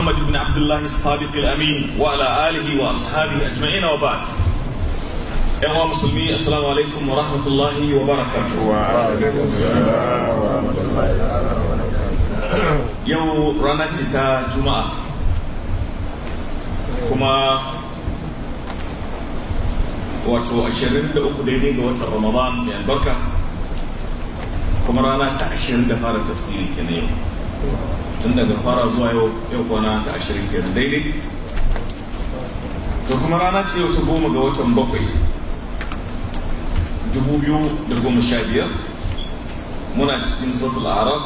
محمد بن عبد الله الصادق الأمين وعلى آله وأصحابه أجمعين وبعد يا مسلمين السلام عليكم ورحمة الله وبركاته وعليكم السلام ورحمة الله وبركاته يو رانتي جمعة كما wato 23 daidai ga watan ramadan mai albarka kuma rana ta 20 da fara tafsiri kenan yau tun daga fara zuwa yau yau kwana ta ashirin kenan daidai to kuma rana ce yau ta goma ga watan bakwai dubu biyu da goma sha biyar muna cikin suratul araf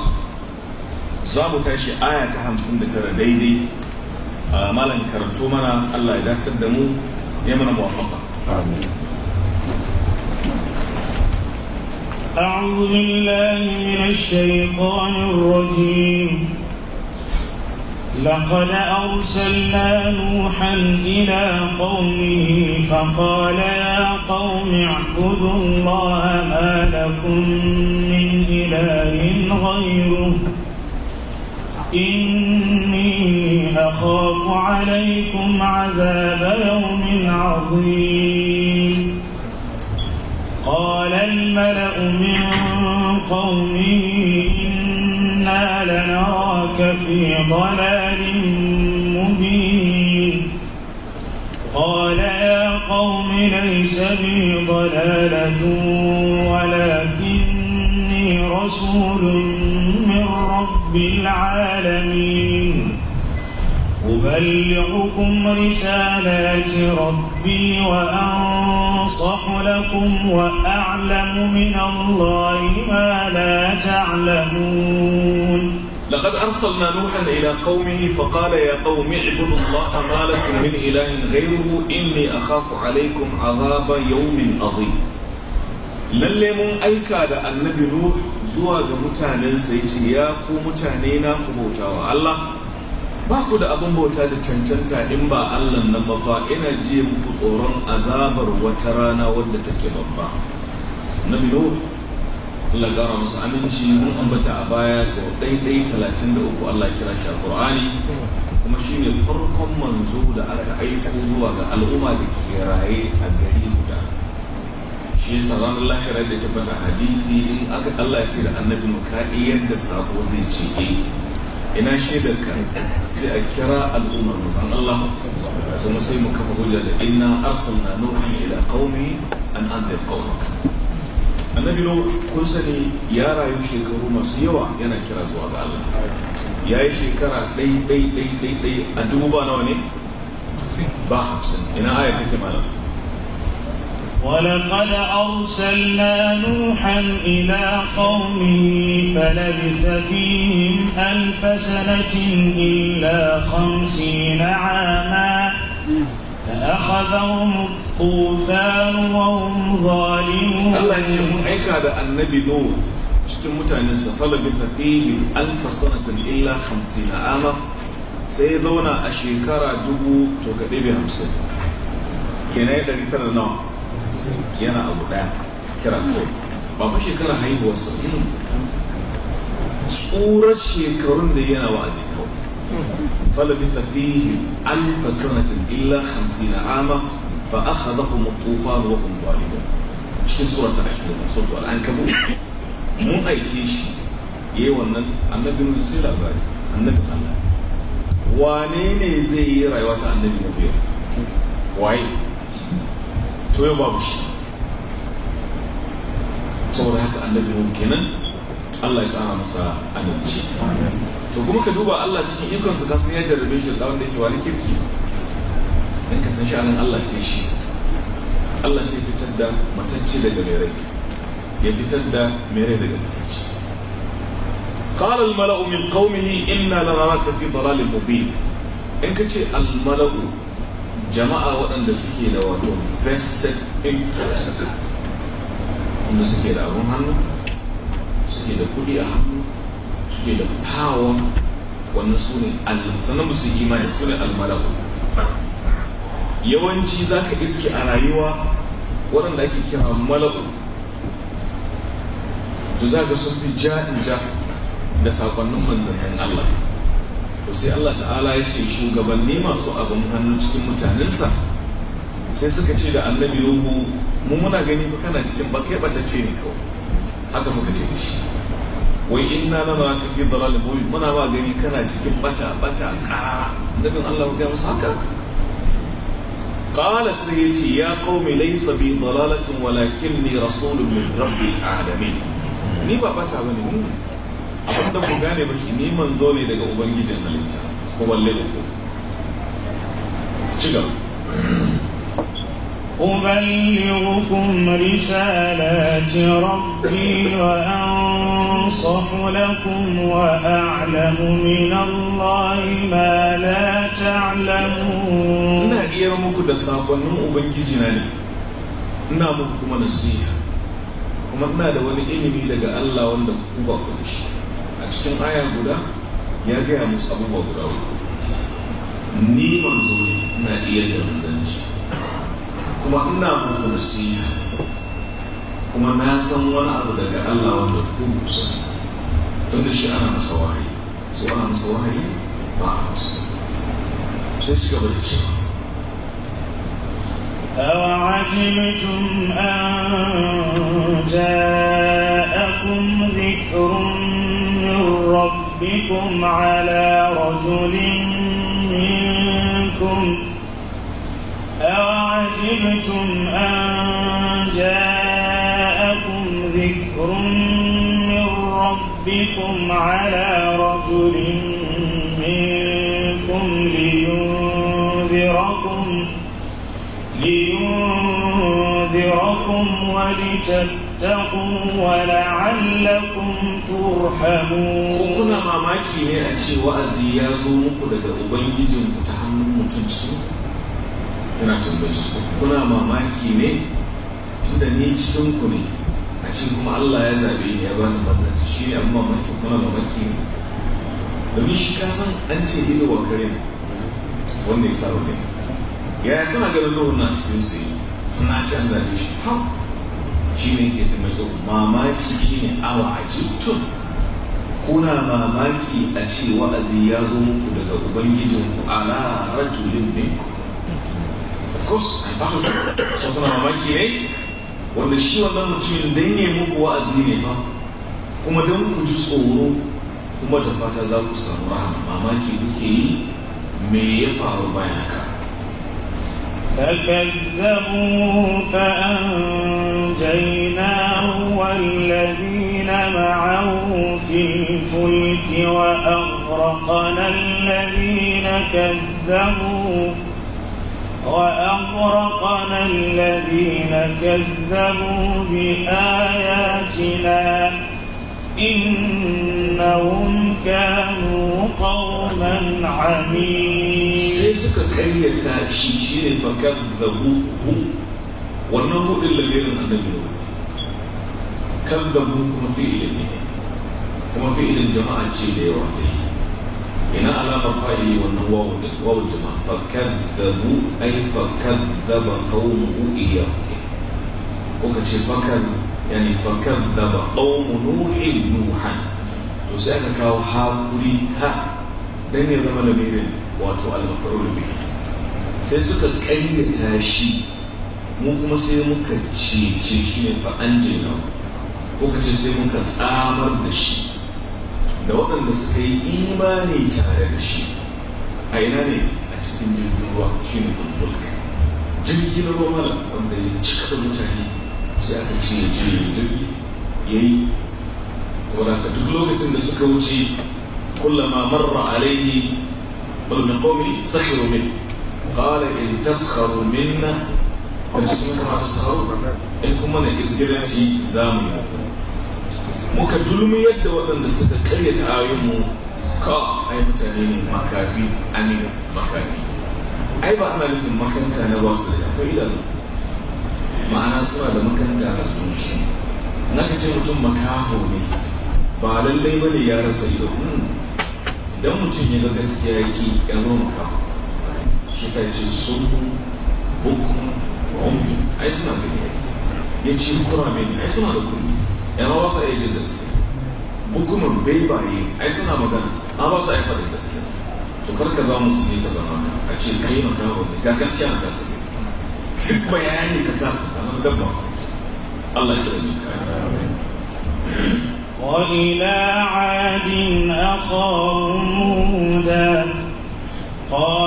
za mu tashi aya ta hamsin da tara daidai a malam karanto mana allah ya dacar da mu ya mana muwafaka أعوذ بالله من الشيطان الرجيم لقد أرسلنا نوحا إلى قومه فقال يا قوم اعبدوا الله ما لكم من إله غيره إني أخاف عليكم عذاب يوم عظيم قال الملأ من قومه في ضلال مبين قال يا قوم ليس بي ضلالة ولكني رسول من رب العالمين أبلغكم رسالات ربي وأنصح لكم وأعلم من الله ما لا تعلمون لقد أرسلنا نوحا إلى قومه فقال يا قوم اعبدوا الله ما لكم من إله غيره إني أخاف عليكم عذاب يوم عظيم lalle mun aika da annabi Nuh zuwa ga mutanensa yace ya ku mutane na ku bauta wa Allah ba ku da abin bauta da cancanta in ba Allah nan ba fa ina ji muku tsoron azabar wata rana wadda take babba annabi Nuh Allah gara musu aminci mun ambata a baya sau ɗaiɗai talatin da uku Allah kira shi qurani kuma shi ne farkon manzo da aka aiko zuwa ga al'umma da ke raye a gari guda shi sa ranar lahira da tabbata hadithi in aka Allah ce da annabi mu yadda sako zai ce eh, ina shaidar ka sai a kira al'ummar mutan Allah kuma sai mu kafa hujja da inna arsalna nuhi ila qaumi an anzir qaumaka annabi no kun sani ya rayu shekaru masu yawa yana kira zuwa ga Allah ya yi shekara ɗai ɗai ɗai ɗai ɗai a dubu ba nawa ne ba hamsin ina aya take malam ولقد أرسلنا نوحا إلى قومه فلبث فيهم ألف سنة إلا خمسين عاما فأخذهم الطوفان وهم ظالمون الله يتيهم أيكا هذا النبي نوح cikin mutanensa falabi fatihi alfa sanatan illa hamsin ama sai ya zauna a shekara dubu to ka ɗebe hamsin kenan ya ɗari tara nawa yana abu ɗaya kira kawai ba ba shekara hmm. haihuwarsa tsurar shekarun da yana wa'azi فلبث فيهم ألف سنة إلا خمسين عاما فأخذهم الطوفان وهم ظالمون cikin sura ta ashirin da sautu al'ankabu mun aike shi yi wannan annabin sai labari annabin Allah wane ne zai yi rayuwa ta annabi na biyar waye to yau babu shi saboda haka annabi mun kenan Allah ya kara masa aminci to kuma ka duba Allah cikin ikonsa ta san ya jarrabe shi da wanda yake wani kirki dan ka san sha'anin Allah sai shi Allah sai fitar da matacce daga mai rai ya fitar da mai rai daga matacce قال الملأ من قومه إنا لنراك في ضلال مبين إن كتي jama'a waɗanda suke da wato vested interest wanda suke da abun hannu suke da kuɗi a hannu da musu imani yawanci za ka iske a rayuwa waɗanda ake kira malaku to za ka sun fi ja in ja da sakonnin manzannin Allah to sai Allah ta'ala ya ce shugabanni masu abin hannu cikin mutanensa sai suka ce da annabi mu muna gani fa kana cikin ba kai ce ne kawai haka suka ce da shi wai in na ma kake dalalin mubin muna ma gani kana cikin bata bata kara nabin Allah ya musu haka su sai ce ya mai laisa bi dalalatin ne rasulun min rabbi alamin ni ba bata ne ni abin da ku gane ba shi ni manzo ne daga ubangijin halitta ko wallahi ku ci gaba أبلغكم رسالات ربي وأنصح لكم وأعلم من الله ما لا تعلمون إنا إيرموك دا ساقوان نم أبنكي جناني إنا مكتما نسيح كما إنا دواني إني ميلا غا الله وندا كتوبا كنش أتكين آيان فدا يجي أمس أبو بابراو نيمان زوري إنا إيرموك دا ساقوان kuma ina muku nasiha kuma na san wani abu daga Allah wanda ku musa tunda shi ana masa wahayi so ana masa wahayi ba sai ci gaba da cewa أوعجبتم أن جاءكم ذكر من ربكم على رجل أَعَجِبْتُمْ أَن جَاءَكُمْ ذِكْرٌ مِّن رَّبِّكُمْ عَلَىٰ رَجُلٍ مِّنكُمْ لِيُنذِرَكُمْ لِيُنذِرَكُمْ ولتتقوا ولعلكم ترحمون kuna mamaki ne a ce wa'azi ya zo muku daga ubangijinku ta hannun mutum cikin yana tambayi kuna mamaki ne tun da ni cikin ku ne a cikin kuma Allah ya zabe ni ya bani mallaci shi ne amma mamaki kuna mamaki ne domin shi ka san an ce ido wa kare wanda ya saba gani ya suna ganin ruhun na cikin su yi suna can zabe shi ha shi ne ke taimako mamaki shi ne awa a cikin tun kuna mamaki a ce wa'azi ya zo muku daga ubangijinku ala rajulin minku of course an part of mamaki ne eh? wanda shi wannan mutumin dan ne muku wa'azi ne fa kuma dan ku ji tsoro kuma da fata za ku samu rahama mamaki kuke yi me ya faru bayan haka فكذبوه فأنجيناه والذين معه في الفلك وأغرقنا الذين كذبوا وأغرقنا الذين كذبوا بآياتنا إنهم كانوا قوما عمين سيسك كرية تأشيشين فكذبوه والنمو إلا غير النبي كذبوا كما في إلى كما في إلى جماعة تشيلي وعتيه ina alamar fa'ili wannan wawun din wawun jama'a fa kadzabu ay fa kadzaba qaumuhu iyyahu kuka ce fakan yani fa kadzaba qaumu nuhin nuhan to sai aka kawo hakuri ha dan ya zama lamirin wato al-maf'ul bihi sai suka kayyata shi mu kuma sai muka ce ce shine fa anjina kuka ce sai muka tsamar da shi da waɗanda suka yi imani tare da shi a ina ne a cikin jirgin ruwa shi ne fulfulka jirgi na ruwa mala wanda ya cika da mutane sai aka ce ya jirgi ya yi saboda ka duk lokacin da suka wuce kullama marra alaihi bal min qawmi sakhiru min qala in taskharu minna kun cikin kuma taskharu in kuma na izgiranci zamu yi muka dulmiyar yadda waɗanda suka karyata ayoyinmu kawo ai mutane ne makafi amina makafi ai ba ana nufin makanta na ba su da akwai idanu ma'ana suna da makanta na zuci na ka ce mutum makaho ne ba lallai bane ya rasa ido hmm. idan mutum ya ga gaskiya yake ya zo makaho shi sai ce sun bukun ai suna da ya ce kurame ne ai suna da kuri yana ba su da jin gaskiya hukumar baibaye ai suna magana na ba su iya da suke to karka za musu ne ka zama ka a ce kai makawa ne ga gaskiya na kasa duk bayani ka kasa ka zama dabba Allah ya rami ka وإلى عاد أخاهم هودا قال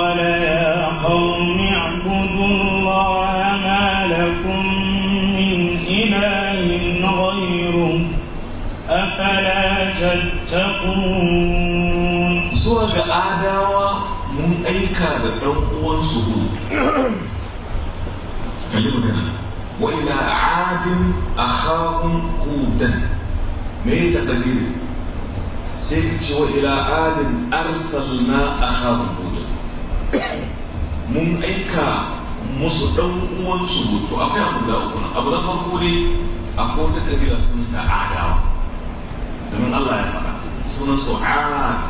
su ga adawa mun aika da ɗan uwan su hudu kalli magana wa ila adin a hakun hudan me ya sai ka ce wa ila adin arsal a hakun hudan mun aika musu ɗan uwan su hudu akwai abu da abu na farko ne akwai wata kabila sun ta adawa domin allah ya faɗa sunan su ad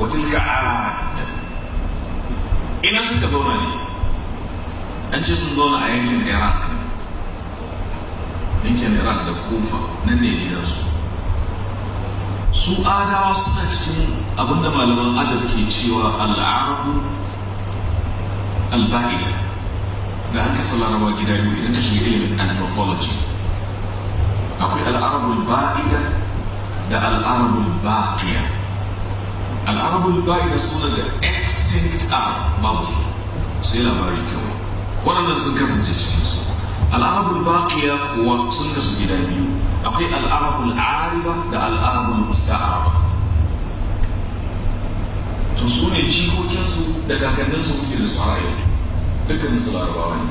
wa tilka ad ina suka zauna ne an ce sun zauna a yankin iraq yankin iraq da kufa nan ne gidansu su adawa suna cikin abinda malaman adab ke cewa al'arabu alba'ida da an kasa larawa gida biyu idan ka shiga ilimin anthropology akwai al'arabu alba'ida da al'arabul baqiya al'arabul baqiya suna da extinct arab babu sai labari kyau waɗannan sun kasance cikin su al'arabul baqiya kuwa sun kasu gida biyu akwai al'arabul ariba da al'arabul musta'ara to su ne jikokinsu da kakanninsu muke da su har yanzu dukkanin su larabawa ne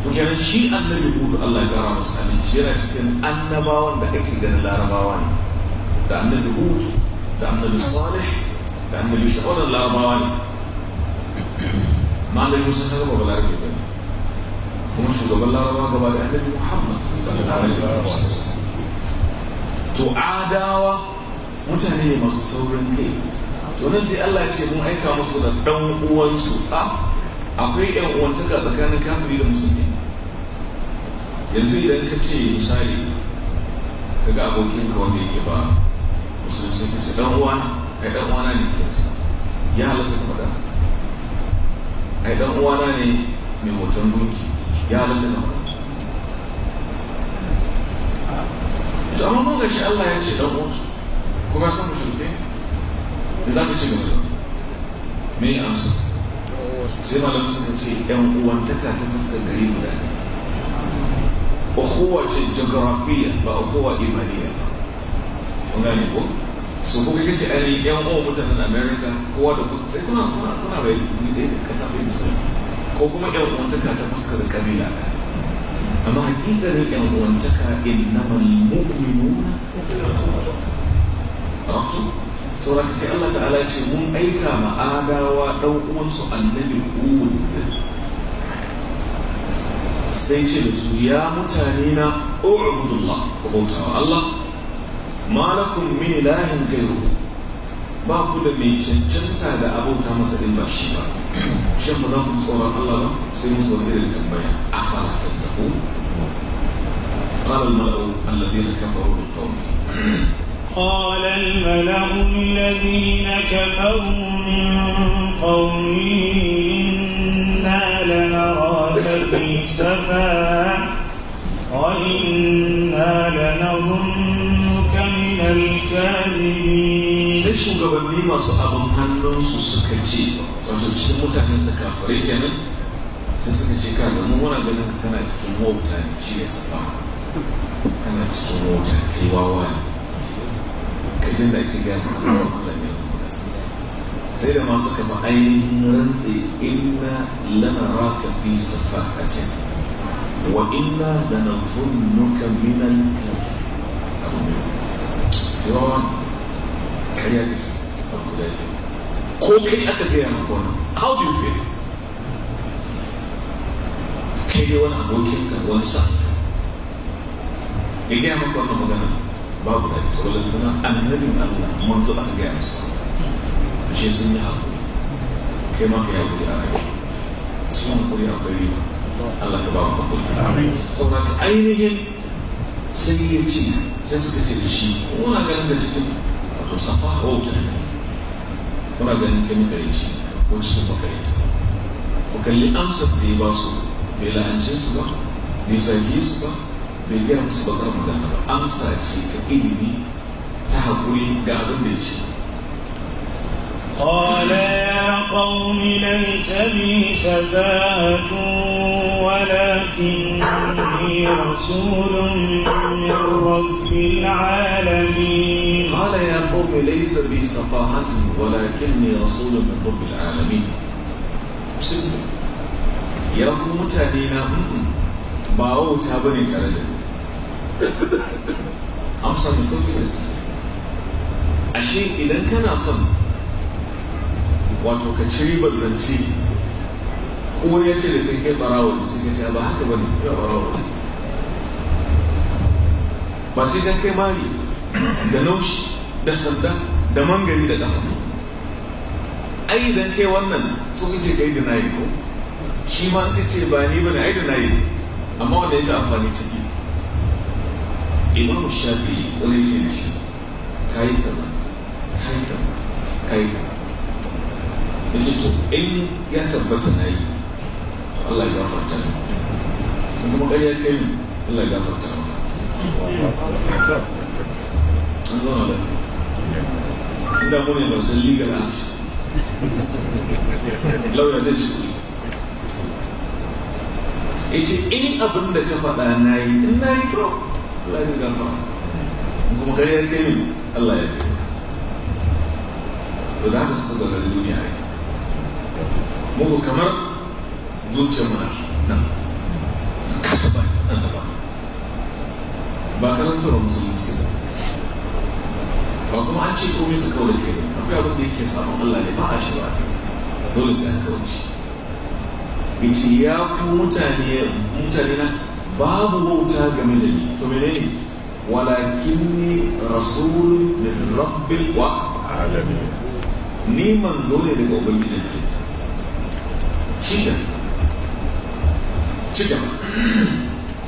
to kenan shi annabi hudu Allah ya gara masa aminci yana cikin annabawan da ake ganin larabawa ne da annabi hud da annabi salih da annabi shaɓar da larabawa ne ma annabi musa ta gaba balarabe kuma shugaban larabawa gaba da annabi muhammad sallallahu alaihi to adawa mutane ne masu taurin kai to nan sai Allah ce mun aika musu da dan uwansu a akwai yan uwantaka tsakanin kafiri da musulmi yanzu idan ka ce misali kaga abokin ka wanda yake ba sun sai ce dan uwana ai dan uwana ne kirista ya halatta ka faɗa ai dan uwana ne mai hoton doki ya halatta ka faɗa to amma mun shi Allah ya ce dan uwansu kuma ya san mushrike da za ka ce gaba me ya amsa sai malamin suka ce yan uwantaka ta fuskar gari guda ne ukhuwa ce geografiya ba ukhuwa imaniya ba kun gane ko so kuma ita ce ali yan uwa mutanen america kowa da kuka sai kuna kuna kuna bai ne da kasa fi musulmi ko kuma yan uwantaka ta fuskar kabila ka amma hakikalin yan uwantaka innamal mu'minuna ikhwatun saura sai Allah ta'ala ce mun aika ma adawa dan uwansu annabi Hud sai ce da su ya mutane na ubudullah ku bautawa Allah ما لكم من إله غيره ما كل من تنتهى أبو تامس إلا شيبا شيخ مدام صورة الله سيدي صورة غير التنبيه أفلا تتقون قال الملأ الذين كفروا من قومه قال الملأ الذين كفروا من قومه إنا لنراك في سفاه وإنا لنظن gwamnoni masu abin su suka ce wato cikin mutanen su kafirai kenan sai suka ce ka da muna ganin kana cikin mota ne shi ne safa kana cikin mota kai wawa ne kajin da ake gane Allah ne sai da masu kama ainihin rantsi inna lana raka fi safahatin wa inna lana zunnuka min al-kafir yawan karya ko kai aka gaya maka wani how do you feel kai dai wani abokin ka wani sa ya gaya maka wannan magana babu da ita wala tana annabin Allah mun zo aka gaya masa Shi sun yi hakuri kai ma ka yi hakuri a rayuwa sun hakuri a riba Allah ka ba mu hakuri saboda ka ainihin sai ya ce sai suka ce da shi wani ganin da cikin wato safa wautar ne kuna ganin kai makarici ko cikin makaranta ku kalli amsa da ya ba su bai la'ance su ba bai sage su ba bai gina musu bakar magana ba amsa ce ta ilimi ta hakuri ga abin da ya ce قال يا قوم ليس بي سفاهة ولكني رسول من رب العالمين قال يا قوم ليس بي سفاهة ولكني رسول من رب العالمين يا قوم ku باو تابني ba wauta ba ne tare da amsa mai wato ka ci ribar zance ko wani ya ce da kai kai barawa ne sai ka ce ba haka bane ya barawo ne ba sai dan kai mari da naushi da sanda da mangari da kafa ai idan kai wannan su kake kai da nayi ko shi ma ka ce ba ni bane ai da nayi amma wanda yake amfani ciki imamu shafi wani shi ne shi kayi kaza kayi kaza yi kaza ya ce to in ya tabbata na yi Allah ya gafarta ne sun kuma kai ya kai ne Allah ya gafarta ne an zauna da inda mu ne ba sun liga na shi lauya zai ce ya ce in abin da ka faɗa na yi in na yi to Allah ya gafarta kuma kai ya kai ne Allah ya gafarta to da haka suka zauna duniya ya mugu kamar zuciyar mara nan kata ba an taba ba karantarwa musulunci ba ba kuma an ce komai ka kawai kai akwai abin da yake samun Allah ne ba a shi ba dole sai an kawai shi yace ya ku mutane mutane na babu wauta game da ni to walakin ni rasulun min rabbil wa alamin ni manzo ne daga ubangiji ستة ستة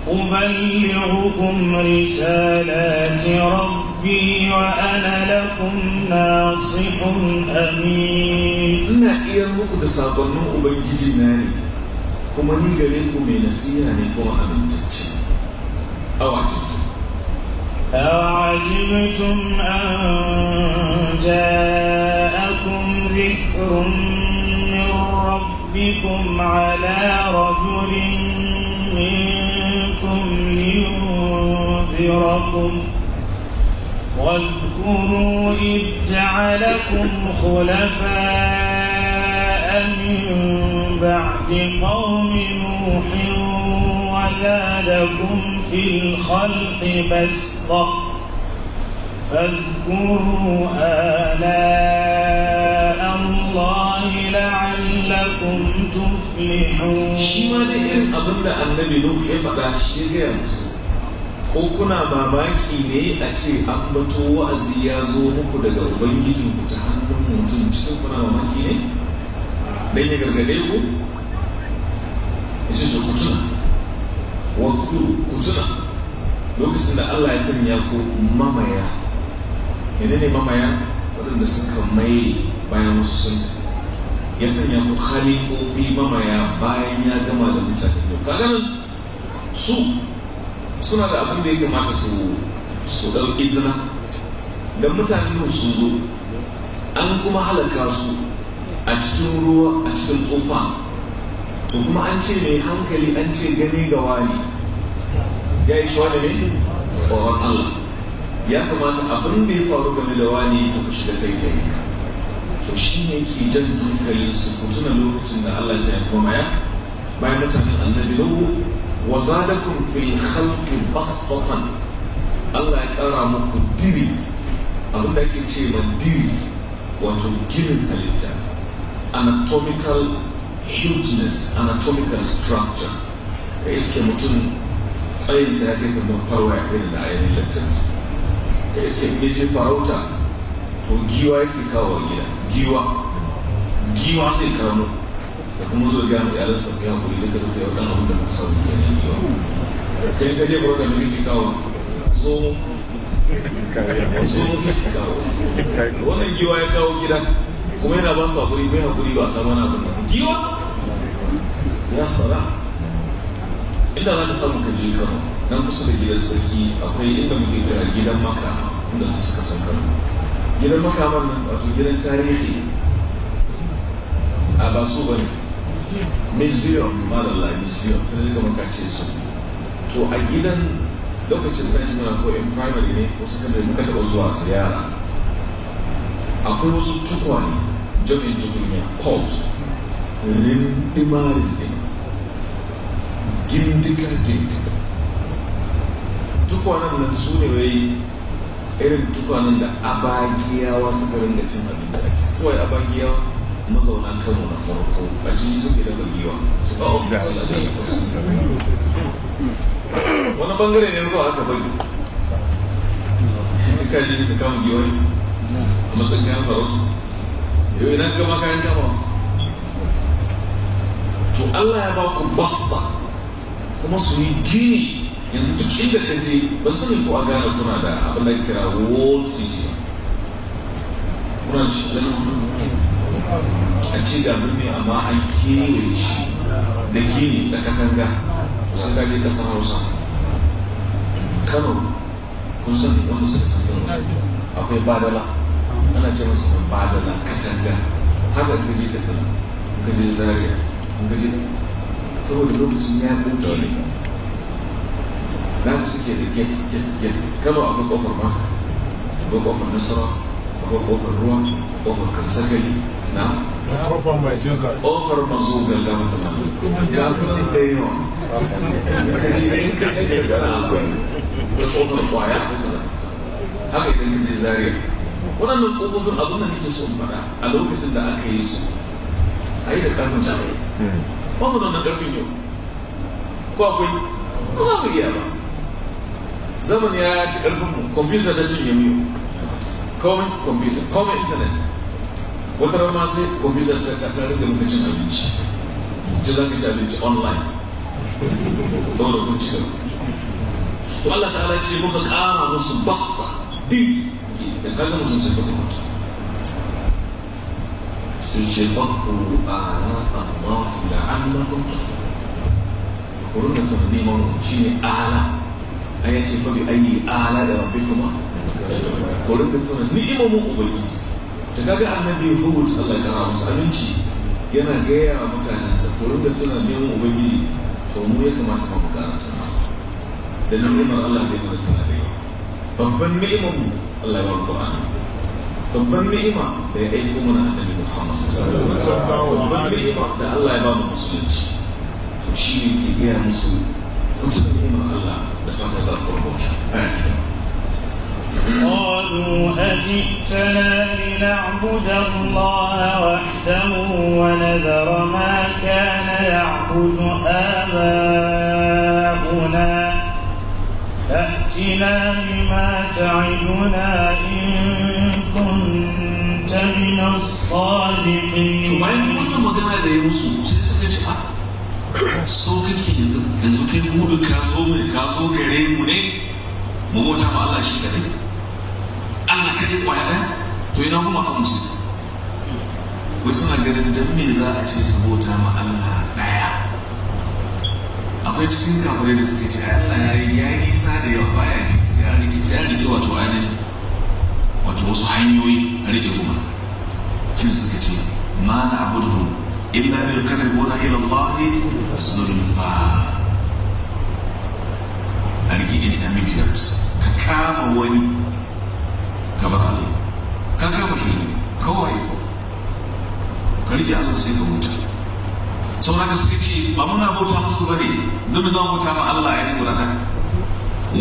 أبلغكم رسالات ربي وأنا لكم ناصح أمين إن أيامكم تساطنوا أبنجي ناري كما نيغلكم من نسيانكم أمين تجي أوعجبتم أن جاءكم ذكر ربكم على رجل منكم لينذركم واذكروا إذ جعلكم خلفاء من بعد قوم نوح وزادكم في الخلق بسطة فاذكروا آلاء الله لعلكم لعلكم تفلحون shi ma da irin abin da annabi Nuhu ya faɗa shi ya gaya musu ko kuna mamaki ne a ce an bato wa'azi ya zo muku daga ubangiji ku ta hannun mutum cikin kuna mamaki ne dan ya gargade ku yace ku tuna wa ku tuna lokacin da Allah ya sanya ku mamaya menene mamaya waɗanda suka mai bayan wasu sun tafi ya sanya ku khalifofi mamaya bayan ya gama da mutane to kaga nan su suna da abin da ya kamata su su dau izina da mutane nan sun zo an kuma halaka su a cikin ruwa a cikin kofa to kuma an ce mai hankali an ce gane ga wani ya yi shawara ne tsoron Allah ya kamata abin da ya faru game da wani ta shiga taitai. to shi ne ke jan hankalin su ku na lokacin da Allah sai koma ya bayan mutanen annabi lahu wa zadakum fil khalqi basatan Allah ya kara muku diri abin da ake ce ma diri wato ginin halitta anatomical hugeness anatomical structure da iske mutum tsayinsa ya kai kamar farwa ya kai da ainihin lantarki da iske ne je farauta O giwa yake kawo gida giwa giwa sai kamo da kuma zo gano iyalan sa ya kuri da rufe ya dan da ku samu ke nan giwa kai ka je gurbin da kake kawo zo mu zo mu kake kawo wannan giwa ya kawo gida kuma yana ba su hakuri bai hakuri ba sa mana abin giwa ya sara inda za ka samu ka je kano nan kusa da gidan sarki akwai inda muke kira gidan maka inda suka san kano gidan makaman nan wato gidan tarihi a ba su bane museum malala museum sai daga makace su to a gidan lokacin da shi mana ko in primary ne ko secondary muka taɓa zuwa su yara akwai wasu tukwa ne jami'in tukunya cult rindimari ne gindika gindika tukwanen nan su ne wai irin tukwanin da abagiyawa suka da cin abinci a ciki suwai abagiyawa mazauna kano na farko a ciki suke da bagiwa su ba obi da wani bangare ne ruwa aka bagi shi ka ji da kama giwai a matsayin kayan farauta yau idan ka kayan kama to allah ya ba ku fasta kuma su yi gini yanzu duk inda ka je ba sani ko a gane kuna da abin da kira wall city ba kuna shi ɗan a ce ga birni amma an kewaye shi da gini da katanga kusan gaje ƙasar hausa kano kun san wanda suka san kano akwai badala ana ce masa badala katanga haka ka je ka sana ka je zaria ka je saboda lokacin ya ɗauke namu suke da gate gate gate kama akwai kofar maka akwai kofar nasara akwai kofar ruwa kofar kansagali na kofar mai zuga kofar masu galla mata na ya sanar da yawa kaji ne ka ji kana akwai da kofar haka idan ka je zaria waɗannan kofofin abin da nake so in faɗa a lokacin da aka yi su a yi da ƙarfin su hmm. ba mu da wannan ƙarfin yau ko akwai ba za mu iya ba zamani ya ci karfin mu kwamfuta ta cinye mu komai kwamfuta komai intanet wata rama sai kwamfuta ta tare da muka cin abinci ji za ka ci abinci online don da kun ci gaba to Allah ta ala ce muka kama musu basta din da kaga mutum sai ka mutu sun ce fakku ala Allah la'allakum tuflihun kurun da tabbima shine ala a ya ce fabi ayi ala da rabbi kuma korin da tsara mu ubangiji ta kaga annabi hubut Allah ya musu aminci yana gaya wa mutanensa korin da tsara neman ubangiji to mu ya kamata mu karanta da ni'imar Allah da mana tana da babban ni'imar mu Allah ya ba Qur'ani babban ni'ima da ya aiko mana annabi Muhammad babban ni'ima da Allah ya ba mu musulunci shi ne ke gaya musu قالوا أجئتنا لنعبد الله وحده ونذر ما كان يعبد آباؤنا فأتنا بما تعدنا إن كنت من الصادقين. Shugaban wannan magana da ya musu sai suka ce so kake yanzu yanzu kai mudu ka so mai ka so gare mu ne mu mota ma Allah shi kadai Allah kadai kwaya ɗaya to ina kuma a musu wasu na ganin dan me za a ce su bota ma Allah ɗaya akwai cikin kafirai da suke ce Allah ya yi ya yi nisa da yawa baya ji sai an rike sai an rike wato ainihin wato wasu hanyoyi a rike kuma shin suka ce ma na abudu inna إلا ليقربونا إلى الله زلفى أرجي intermediaries ka kama wani ka bar Allah ka kama shi kawai ka rike Allah sai ka huta saboda ka suka ce ba muna bauta musu bane don za mu bauta ma Allah ya yi gurana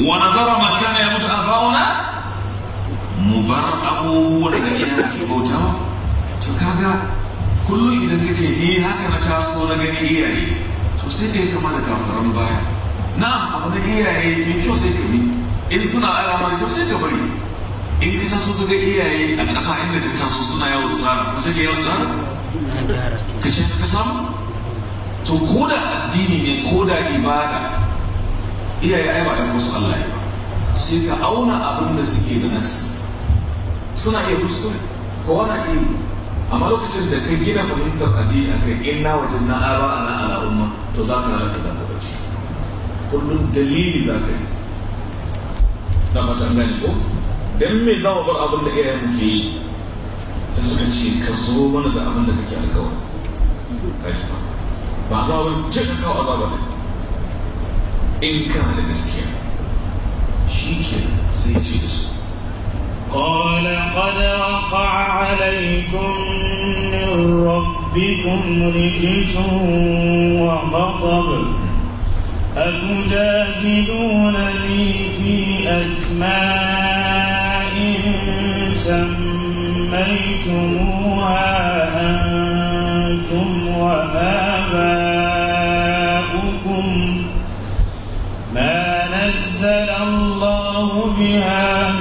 wa nazara ma kana ya mutu abauna mu bar abubuwan da iyaye bauta to kaga kullum idan ka ce ni eh, haka na taso na gani iyaye to sai ka yi kama da kafaran baya na abu na iyaye mai kyau sai ka bi in suna alama da kyau sai ka bari in ka taso ka ga iyaye a ƙasa inda ka taso suna yawon tsara ba sai ka yawon tsara ka ce ka samu to ko da addini ne ko da ibada iyaye ai ba ɗan wasu Allah ya ba sai ka auna abin da suke da nasi suna iya kuskure ko wani iya amma lokacin da ka gina fahimtar addini a kai inna wajen na ara ana ala umma to za ka lalata za ka bace kullum dalili za ka yi na fata gani ko dan me za mu bar abin da iyayen mu ke yi Ta suka ce ka zo mana da abin da kake alƙawari ba ba za mu ce ka kawo azaba ne in ka da gaskiya shi ke sai ce da su قال قد وقع عليكم من ربكم رجس وغضب أتجادلونني في أسماء سميتموها أنتم وآباؤكم ما نزل الله بها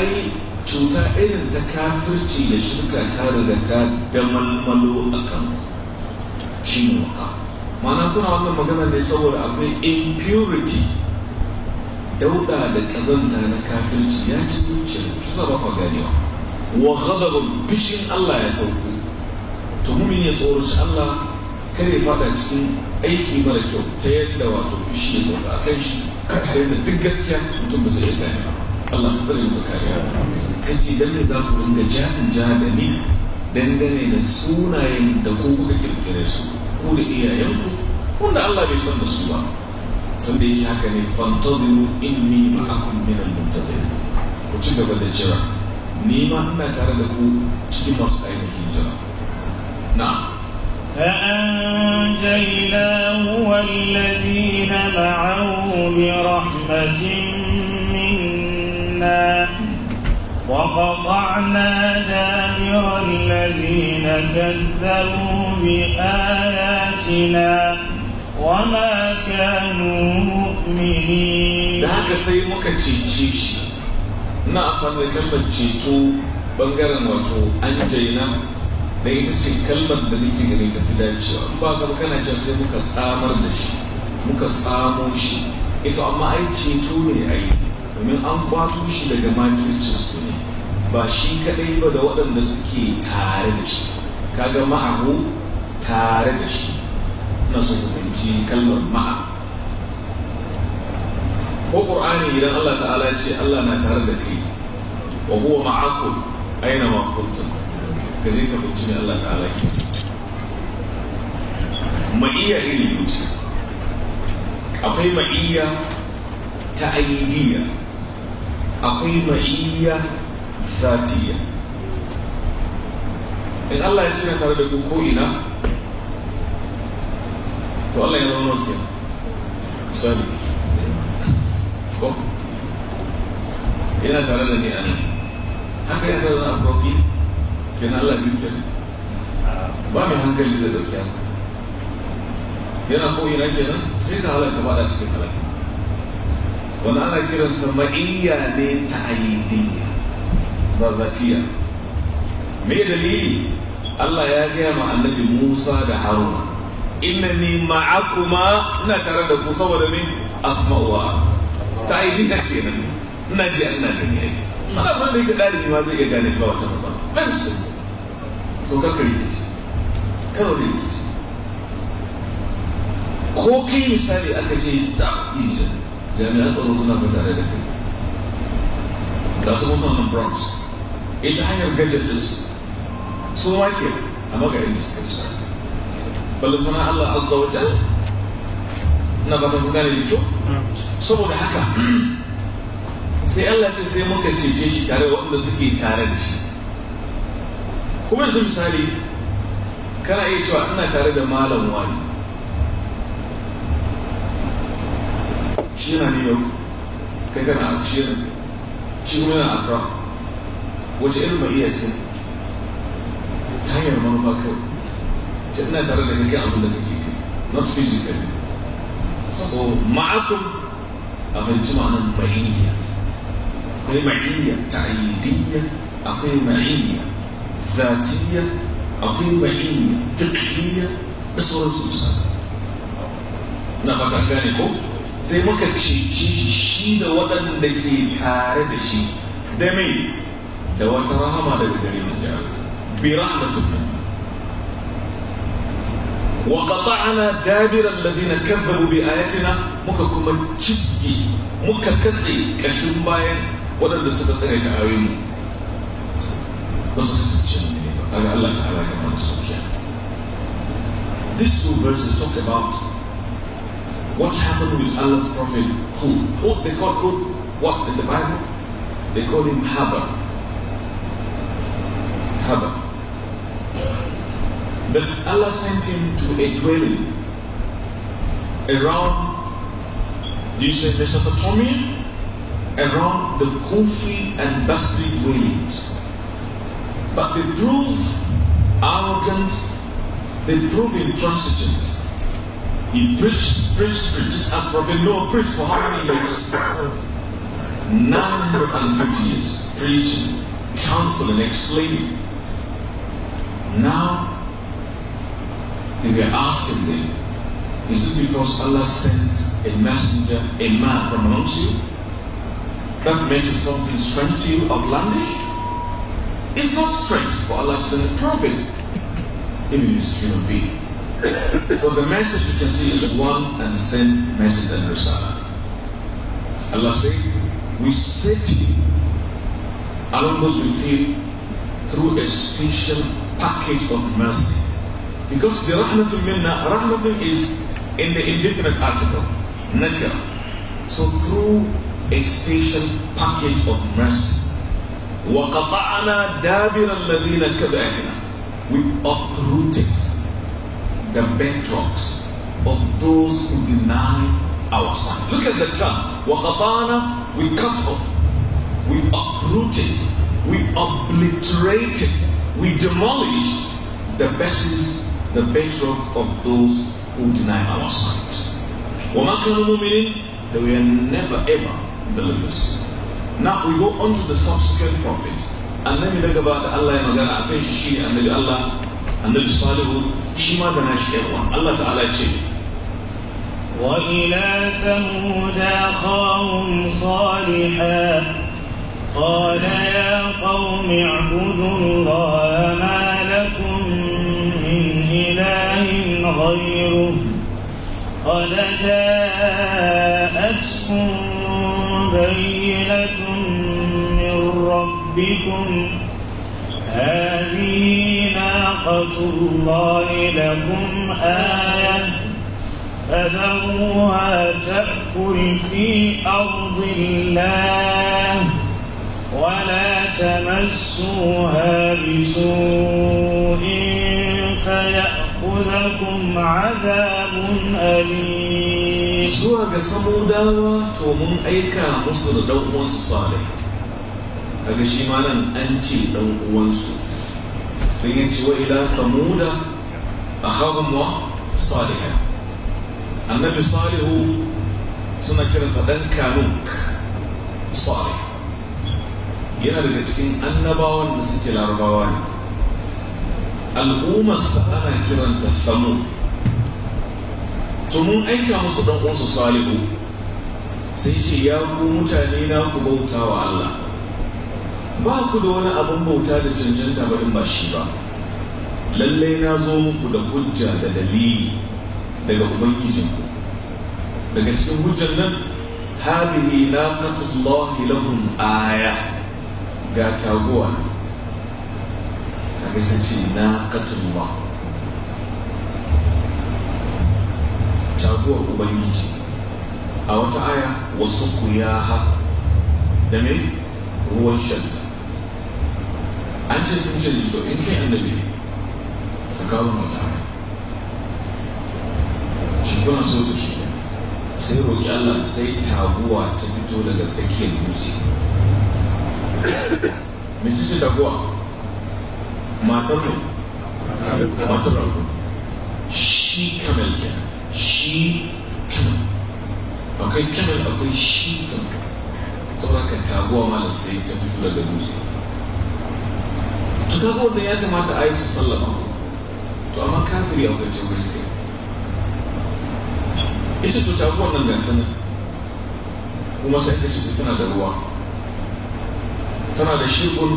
ai cuta irin ta kafirci da shirka ta daga ta damalmalo a kan shi ne wa'a mana kuna wannan magana ne saboda akwai impurity dauda da kazanta na kafirci ya ci zuciya shi zaba ka ganewa wa ghadabun fishin Allah ya sauko to mumin ya tsoroci Allah kare fada cikin aiki mara kyau ta yadda wato fushi ya sauka a kan shi ta yadda duk gaskiya mutum ba zai iya gane ba Allah ka tsare mu kariya sai ce dan ne za ku dinga jahil jahilani dangane da sunayen da ko kuka kirkire su ku da iyayenku wanda Allah bai san da su ba wanda yake haka ne fantadiru inni ma'akum min al-muntadirin ku ci gaba da jira ni ma ina tare da ku cikin masu ainihin jira na'am فأنجيناه والذين معه برحمة وقطعنا وقطعنا دابر الذين كذبوا بآياتنا وما كانوا مؤمنين da haka sai muka cece shi na amfani da kalmar ceto bangaren wato an da ita ce kalmar da nake gani ta fi dacewa ba gaba kana cewa sai muka samar da shi muka samo shi ita eh amma ai ceto ne ai domin an kwato shi daga makircinsu ne ba shi kadai ba da waɗanda suke tare da shi kaga ma'ahu tare da shi na su fahimci kalmar ma'a ko ƙur'ani idan Allah ta'ala ya ce Allah na tare da kai wa huwa ma'akum aina ma kuntum ka je ka fahimci ne Allah ta'ala ke ma'iyya iri ce akwai ma'iyya ta aidiya akwai ma'iyya zatiya in Allah ya cina tare da ku ko'ina to Allah ya zama ke misali ko yana tare da ni a nan haka yana tare da abokin kenan Allah biyu kenan ba mai hankali da dauki yana ko'ina ina kenan sai ka halar kama bada cikin halaka wani ana kiransa ma'iyya ne ta aidiyya ba zatiya me dalili Allah ya gaya ma annabi Musa da Haruna innani ma'akuma ina tare da ku saboda me asma'uwa ta aidiyya kenan ina ji ina da ne ana ban da yake ɗalibi ma zai iya gane ba wata ba ba musulmi so kakar rikici karo da rikici ko kai misali aka ce ta yi jana jami'an tsaro suna ba tare da kai ga su musamman nan bronx ita eh, hanyar gajar ɗinsu su ma ke a magarin da suka fusa ballantana allah azza wa jal na ba ta kuka da kyau saboda haka sai allah ce sai muka cece shi tare waɗanda suke tare da shi kuma yanzu misali kana iya cewa ina tare da malam wani shi yana new york kai kana shi yana shi kuma yana accra wace irin mai iya ce ta hanyar manufa kawai ta ina tare da kake abin da kake kai not physically so ma'akum a fahimci ma'anar ma'iyya akwai ma'iyya ta'idiyya akwai ma'iyya zatiyya akwai ma'iyya fiqhiyya da sauransu misali na fata gane ko sai muka cece shi da waɗanda ke tare da shi da mai da wata rahama daga gare mu ya bi rahmatin min wa qata'na kan alladhina kadzabu bi ayatina muka kuma cisgi muka katse kashin bayan waɗanda suka tsare ta ayoyi ba kasance ne ba kaga Allah ta'ala ya mana This These two verses talk about What happened with Allah's Prophet Who? Who they call who? what in the Bible? They call him Haba. Haba. But Allah sent him to a dwelling around, do you say Mesopotamia? Around the Kufi and Basri dwellings. But they prove arrogant, they prove intransigent. He preached, preached, preached. This has broken No Preached for how many years? 950 years. Preaching, counseling, explaining. Now, they were asking them, is it because Allah sent a messenger, a man from amongst you? That makes something strange to you, outlandish? It's not strange for Allah to send a prophet, even if it's human being. So the message we can see is one and the same message and Risala. Allah said, We set you along those with you through a special package of mercy. Because the rahmatun minna, rahmatun is in the indefinite article, nakir. So through a special package of mercy. وَقَطَعْنَا دَابِرَ الَّذِينَ We uprooted the bedrocks of those who deny our son. Look at the term. Waqatana, we cut off, we uprooted, we obliterated, we demolished the basis, the bedrock of those who deny our sight. وَمَا كَانُوا They were never ever believers. Now we go on to the subsequent prophet. Annabi daga talk about Allah and Allah and kan shi annabi shi ma da nashi yawan Allah ta'ala ce وإلى ثمود أخاهم صالحا قال يا قوم اعبدوا الله ما لكم من إله غيره قد جاءتكم بينة من ربكم هذه ناقة الله لكم آية فذروها تأكل في أرض الله ولا تمسوها بسوء فيأخذكم عذاب أليم سوى بسمو داوة ومن أيكا مصر دوم صالح kaga shi ma nan an ce dan uwansu don yin ci wa ila samuda akhahum wa salih annabi salihu suna kiransa dan kanuk salih yana daga cikin annabawan da suke larabawa ne al'ummar sa ana kiranta samu to mun aika musu dan uwansu salihu sai ce ya ku mutane na ku bauta wa Allah ba ku da wani abin bauta da cancanta ba ba shi ba lallai na zo muku da hujja da dalili daga ubangijinku daga cikin hujjar nan hadihi naqatullahi lahum aya ga taguwa kaga sun ce naqatullah taguwar ubangiji a wata aya wasu kuyaha da mai ruwan shanta an ce sun ce to in kai annabi ka kawo mota shi kuna so ka shi sai roƙi Allah sai taguwa ta fito daga tsakiyar dutse mace ce taguwa matar matar rago shi kamar kenan shi kamar akwai kamar akwai shi kamar saboda ka taguwa malam sai ta fito daga dutse to kaga ya kamata a yi su sallama to amma kafiri a taurin kai ita to tafi wannan ganta kuma sai ta ce tana da ruwa tana da shirkun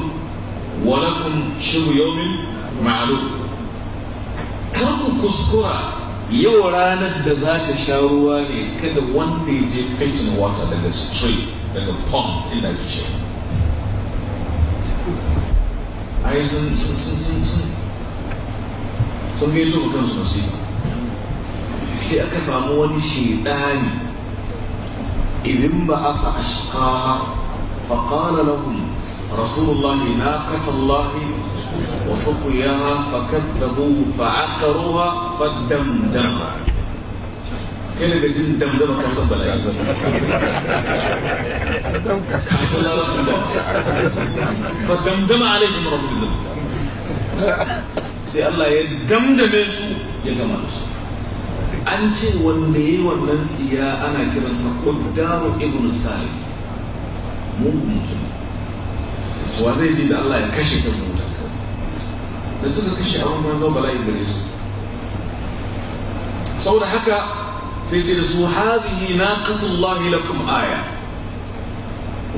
walakun shiru yaumin ma'alu kan kuskura yau ranar da za ta sha ruwa ne kada wanda ya je fitin wata daga stream daga pond inda ake shi 还有生生生生生生灭众更熟悉。في أقسام الشيطان إذ انبعث أشقاها فقال لهم رسول الله ناقة الله وسقياها فكذبوا فعقروها فدمدم كلمة جدا ده ما تصب لا عشان لا رفض ده فدمدم عليكم رب الدم sai Allah ya damdame su ya gama da su an ce wanda ya yi wannan siya ana kiransa ƙuddaru ibn salif mugun mutum wa zai ji da Allah ya kashe kan mutum da suka kashe a wani manzo bala'i gare su saboda haka sai ce da su hadhihi naqatullahi lakum aya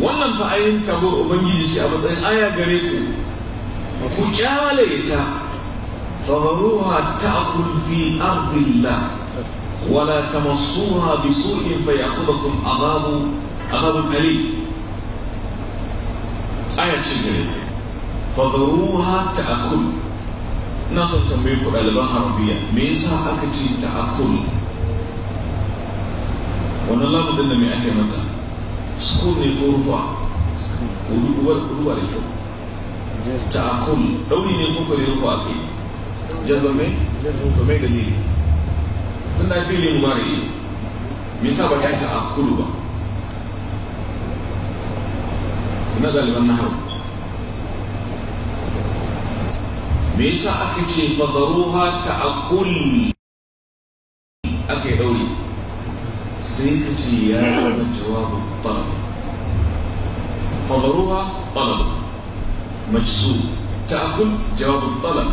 wannan fa ayin tago ubangiji ce a matsayin aya gare ku ku kyawale ta fadharuha ta'kul fi ardillah wala tamassuha bisu'in fayakhudhukum adhabu adhabun alim aya ce gare ku fadharuha ta'kul na son tambaye ku ɗaliban arabiya me yasa aka ce ta'kul wannan lamu da mai ake mata sukun ne ko ruwa ruwa ruwa da kyau ta ta'akul ɗauri ne ko kare ruwa a kai jazame to mai dalili tun da fili mu mubari me yasa ba ta ta akulu ba tun tuna daliban nahar me yasa aka ce fadaruha akulu سيأتي يا زمن جواب الطلب فضروها طلب مجسوم تأكل جواب الطلب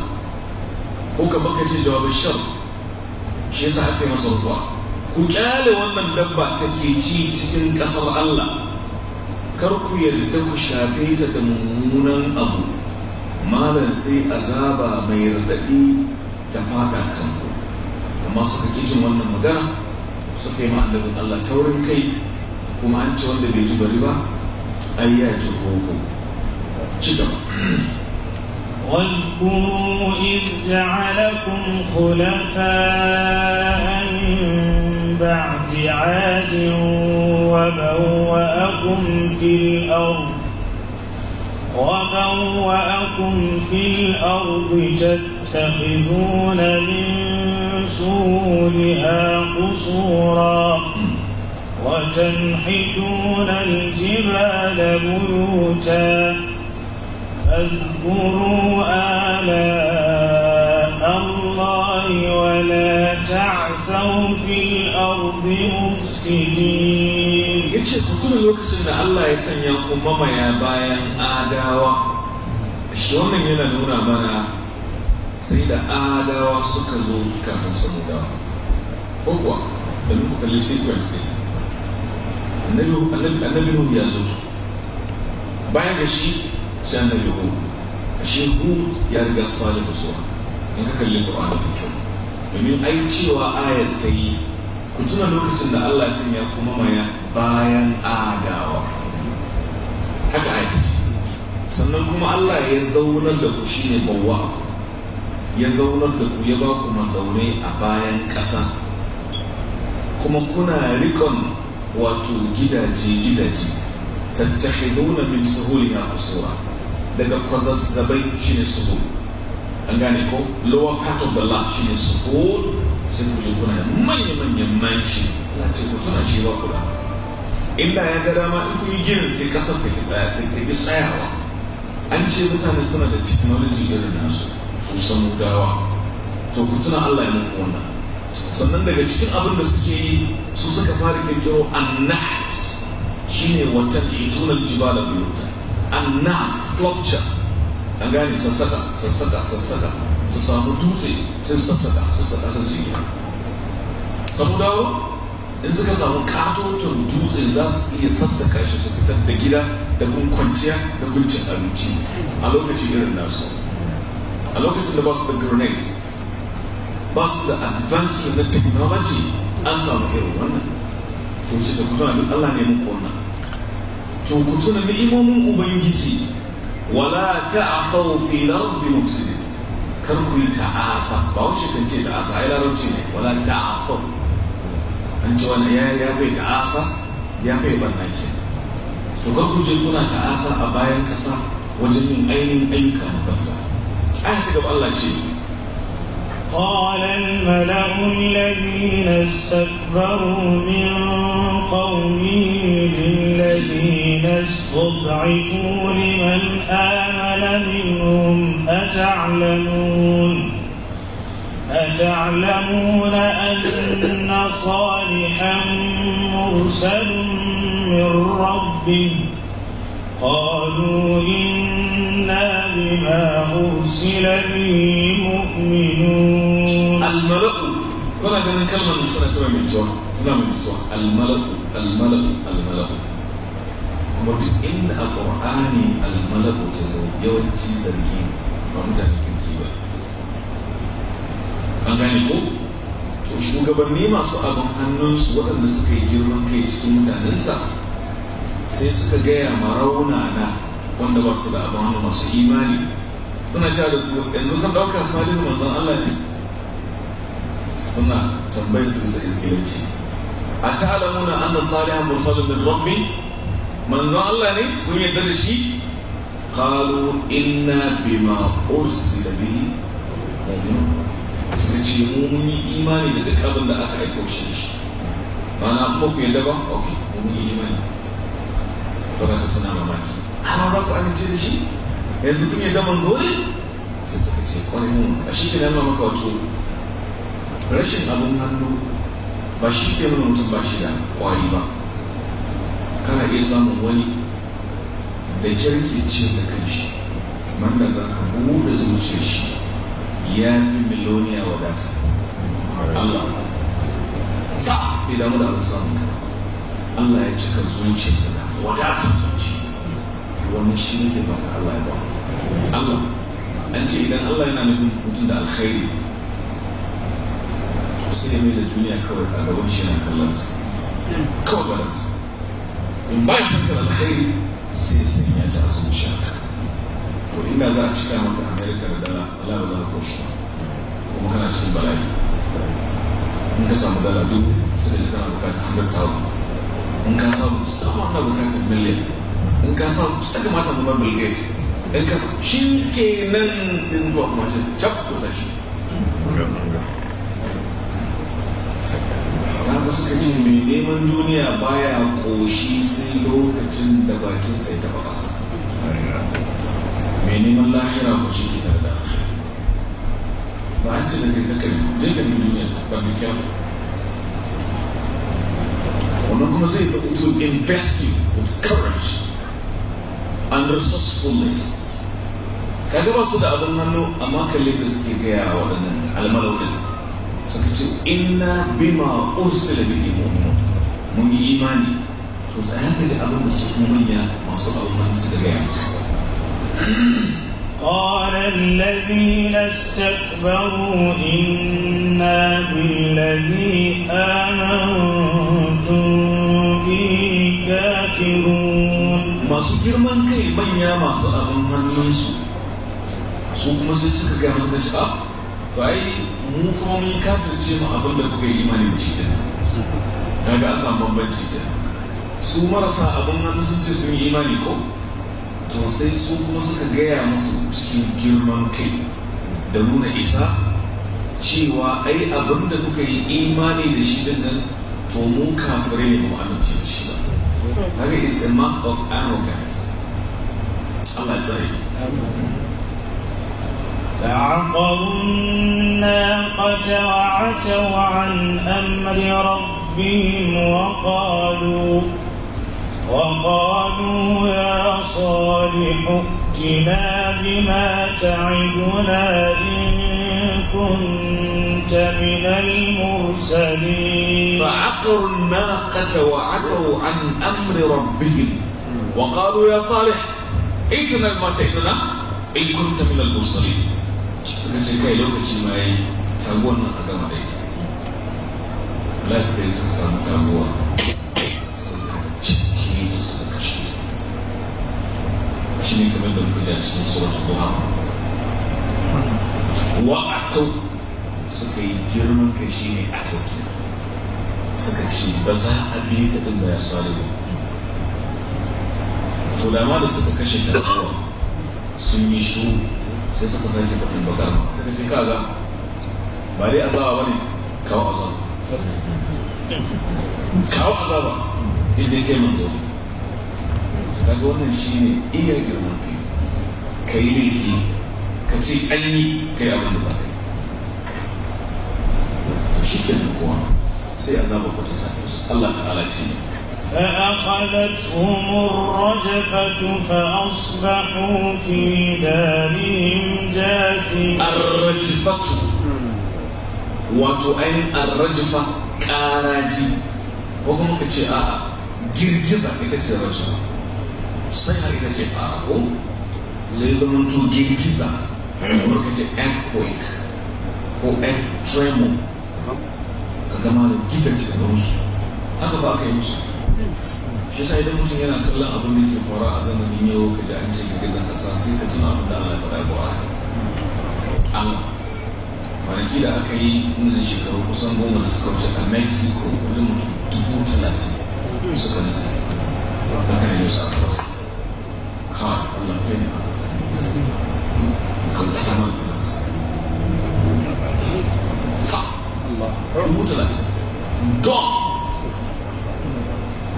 هو بك جواب الشر شيء صحيح في مصر كتال ومن دبا تكيتي تكن كسر الله كركو يلدك شابيت دمونا أبو مالا سي أزابا ميردئي تفاقا كنكو ما صحيح يجمونا مدنه suka yi ma annabin Allah taurin kai kuma an ce wanda bai ji bari ba ai ya ji hoho ci gaba واذكروا إذ جعلكم خلفاء من بعد عاد وبوأكم في الأرض وبوأكم في الأرض تتخذون من رسولها قصورا وتنحتون الجبال بيوتا فاذكروا آلاء الله ولا تعثوا في الأرض مفسدين يتشي قطول الوقت إن الله يسن يقوم ماما يا بايا آداوا الشيوان يلا نونا sai da adawa suka zo kafin dawa. ko kuwa da muka kalli sequence ne annabi hu ya zo bayan da shi sai annabi hu shi hu ya riga salihu zuwa in ka kalli qur'ani da kyau domin ai cewa ayar ta yi ku tuna lokacin da Allah ya sanya kuma maya bayan adawa haka ayar ta ce sannan kuma Allah ya zaunar da ku shine bawwa ya zaunar da ku ya ba ku masaunai a bayan ƙasa kuma kuna rikon wato gidaje-gidaje nuna min ya qusura daga kwazazzabai ne suhul an gane ko lower part of the land ne suhul sai ku je kuna da manya-manyan manshi na ce ku tana shi ba kula inda ya ga dama in kun yi ginin sai kasar ta ki tsayawa an ce mutane suna da technology irin nasu kusan gawa to ku Allah ya muku wannan sannan daga cikin abin da suke yi su suka fara kirkiro annat shine wata da jibala buyuta annat sculpture an gane sassaka sassaka sassaka su samu dutse sun sassaka sassaka sun su samu dawo in suka samu katoton dutse za su iya sassaka shi su fitar da gida da kun kwanciya da kun abinci a lokacin irin nasu a lokacin da ba su da grenade ba su da advanced na technology an samu irin wannan to ce ta kutuna duk Allah ne muku wannan to kutuna ni'imomin ubangiji wala ta'thaw fi al-ardi mufsidin kar ku yi ta'asa ba wace kan ce ta'asa ai larabci ne wala ta'thaw an ce wani ya ya bai ta'asa ya bai banna ke to kar ku je kuna ta'asa a bayan kasa wajen yin ainihin ayyuka na kansa آية الله شيء قال الملأ الذين استكبروا من قومه للذين استضعفوا لمن آمن منهم أتعلمون أتعلمون أن صالحا مرسل من ربه قالوا إنا بما أرسل به مؤمنون الملك كنا كنا كلمة نسنا من توا تبع من توا الملك الملك الملك mutum inda a ƙur'ani almalaku ta zo yawanci zargi ba mutane kirki ba an gane ko to shugabanni masu abin hannunsu waɗanda suka yi girman kai cikin mutanensa sai suka gaya ma raunana wanda ba su da abin hannu masu imani suna cewa da su yanzu kan ɗauka salihu manzan Allah ne suna tambayi su bisa izgilanci a ta'alamuna anna salihan mursalin min rabbi manzan Allah ne kun yadda da shi qalu inna bima ursila bihi mu'minun suka ce mu mun yi imani da duk abin da aka aiko shi na kuma ku yadda ba ok mun yi imani waɗanda suna mamaki amma za ku amince da shi yanzu kun yadda manzo ne sai suka ce kwarai mun a shi ke da maka wato rashin abin hannu ba shi ke nuna mutum ba shi da kwari ba kana iya samun wani da kirki ce da kanshi wanda za ka buɗe zuciyar shi ya fi miloniya wadata Allah sa idan damu da abin samun Allah ya cika zuciyarsa wadatar zuci wani shi ne ke fata Allah ya ba Allah an ce idan Allah yana nufin mutum da alkhairi to sai ya mai da duniya kawai a gaban shi yana kallon ta kawai ba ta in ba ya san alkhairi sai ya sanya ta a zuciya to inda za a cika maka Amerika da dala Allah ba za ka koshi kuma kana cikin bala'i in ka samu dala dubu sai da kana bukatar 100,000 in ka samu tsawon wannan bukatar miliyan in ka samu ta kamata zama bill gates in ka samu shi ke nan sai zuwa kuma ce ta shi ba suka ce mai neman duniya baya koshi sai lokacin da bakin sai ta ƙasa mai neman lahira ko shi ke tarda ba a ce da kai kakan jirgin duniya ba mai kyafu not going to say it, it will invest you with courage and resourcefulness. kaga ba su da abin hannu amma kallon da suke gaya wa waɗannan almalaunin suka ce inna bima ursila bihi mu'minun mun yi imani to tsaya ka ji abin da su kuma manya masu alman su da gaya musu قال الذين استكبروا إنا بالذي آمنوا mutakbirun masu girman kai manya masu abin hannunsu su kuma sai suka gaya masu ci a ah, to ai mu kuma mun kafirce mu abin da kuka yi imani da shi da ga an samu bambanci da su marasa abin hannu sun ce sun yi imani ko to sai su kuma suka gaya musu cikin girman kai da nuna isa cewa ai abin da kuka yi imani da shi din nan to mu kafirai ne mu amince da shi ba هذه is a mark of arrogance. Allah is فعقروا الناقة وعتوا عن أمر ربهم وقالوا وقالوا يا صالح ائتنا بما تعدنا إن كنا من المرسلين فعقروا الناقة وعتوا عن أمر ربهم وقالوا يا صالح إذن إيه ما تعدنا إن كنت من المرسلين سنجيكا يلوكا جمعي تابوانا أقام عليك لا ستيجن سام تابوانا شنو سورة الضحى وأعتوا suka yi girman kai shi ne a tafi suka ce ba za a biyu ka ɗin da ya ba. to dama da suka kashe tafiya sun yi shiru sai suka sake kafin baka suka ce kaga ba dai azaba ba ne kawo azaba kawo azaba ya kai manzo kaga wannan shi ne iya girman kai ka yi laifi ka ce an yi kai abin da ba ka cutar na kowa sai a zaba kwata same su Allah ta'ala ce فأخذتهم الرجفة فأصبحوا في دارهم جاثمين الرجفة وتؤين الرجفة كاراجي وهم كتشي آه girgiza ita ce ba sai har ita ce farako sai zama to girgiza ce earthquake ko earth tremor gama da gidaje gabansu haka ba ka yi musu shi sai idan mutum yana kallon abin da ke fara a zamanin yau ka ji an ce gizan kasa sai ka tuna abin da ana faɗa ko kai amma kwanaki da aka yi nan shekaru kusan goma da suka wuce a mexico wajen mutum dubu talatin suka nisa haka ne yau sa ka Allah kai ne ba kan sama mutalata gone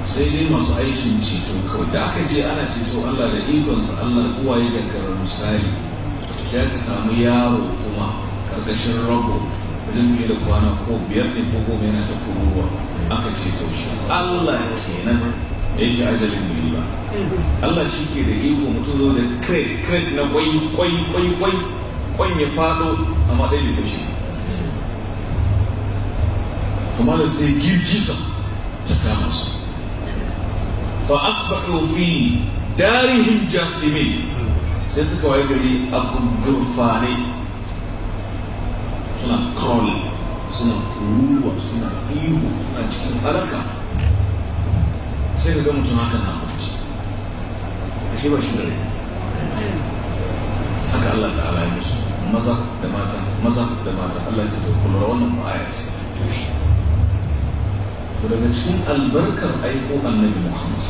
sai dai masu aikin ceto kawai da aka je ana ceto allah da ikonsa allah kuwa ya gagara misali sai aka samu yaro kuma karkashin rago wajen fiye da kwana ko biyar ne ko goma yana ta kuruwa aka ceto shi allah kenan ya yi ajalin mai ba allah shi ke da iko mutum zo da crate crate na kwai kwai kwai kwai ya fado amma ɗaya bai kashe kuma da sai girgiza ta kama su fa asbahu fi darihim jafime sai suka waye gari a gurfane suna crawl suna kuruwa suna ihu suna cikin alaka sai ga mutum haka na kwanci a shi ba shi da haka Allah ta'ala ya musu maza da mata maza da mata Allah ya ta kula wannan wannan ayat daga cikin albarkar aiko annabi Muhammad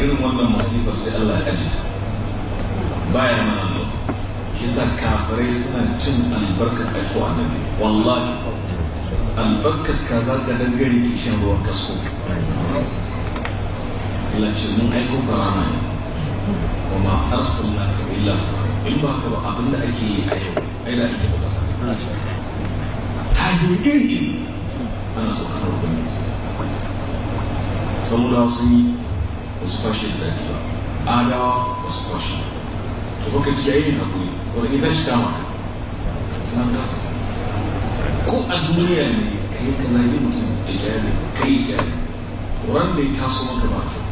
irin wannan masifar sai Allah ya ajita baya mana yasa kafirai suna cin albarkar aiko annabi wallahi albarkar ka za ka dangare kishin ruwan kasko Allah ce mun aiko ka rana ne kuma na ka illa in ba ka ba abin da ake yi a yau ai da ake ba ta yi iri ana saukar ubangiji saboda sun yi ba su fashe da daɗi ba adawa ba su fashe to baka kiyaye ne hakuri wani ita shi kama ka nan kasa ko a duniya ne ka yi ka yi mutum da jari ka yi jari ran da ya taso maka ba kyau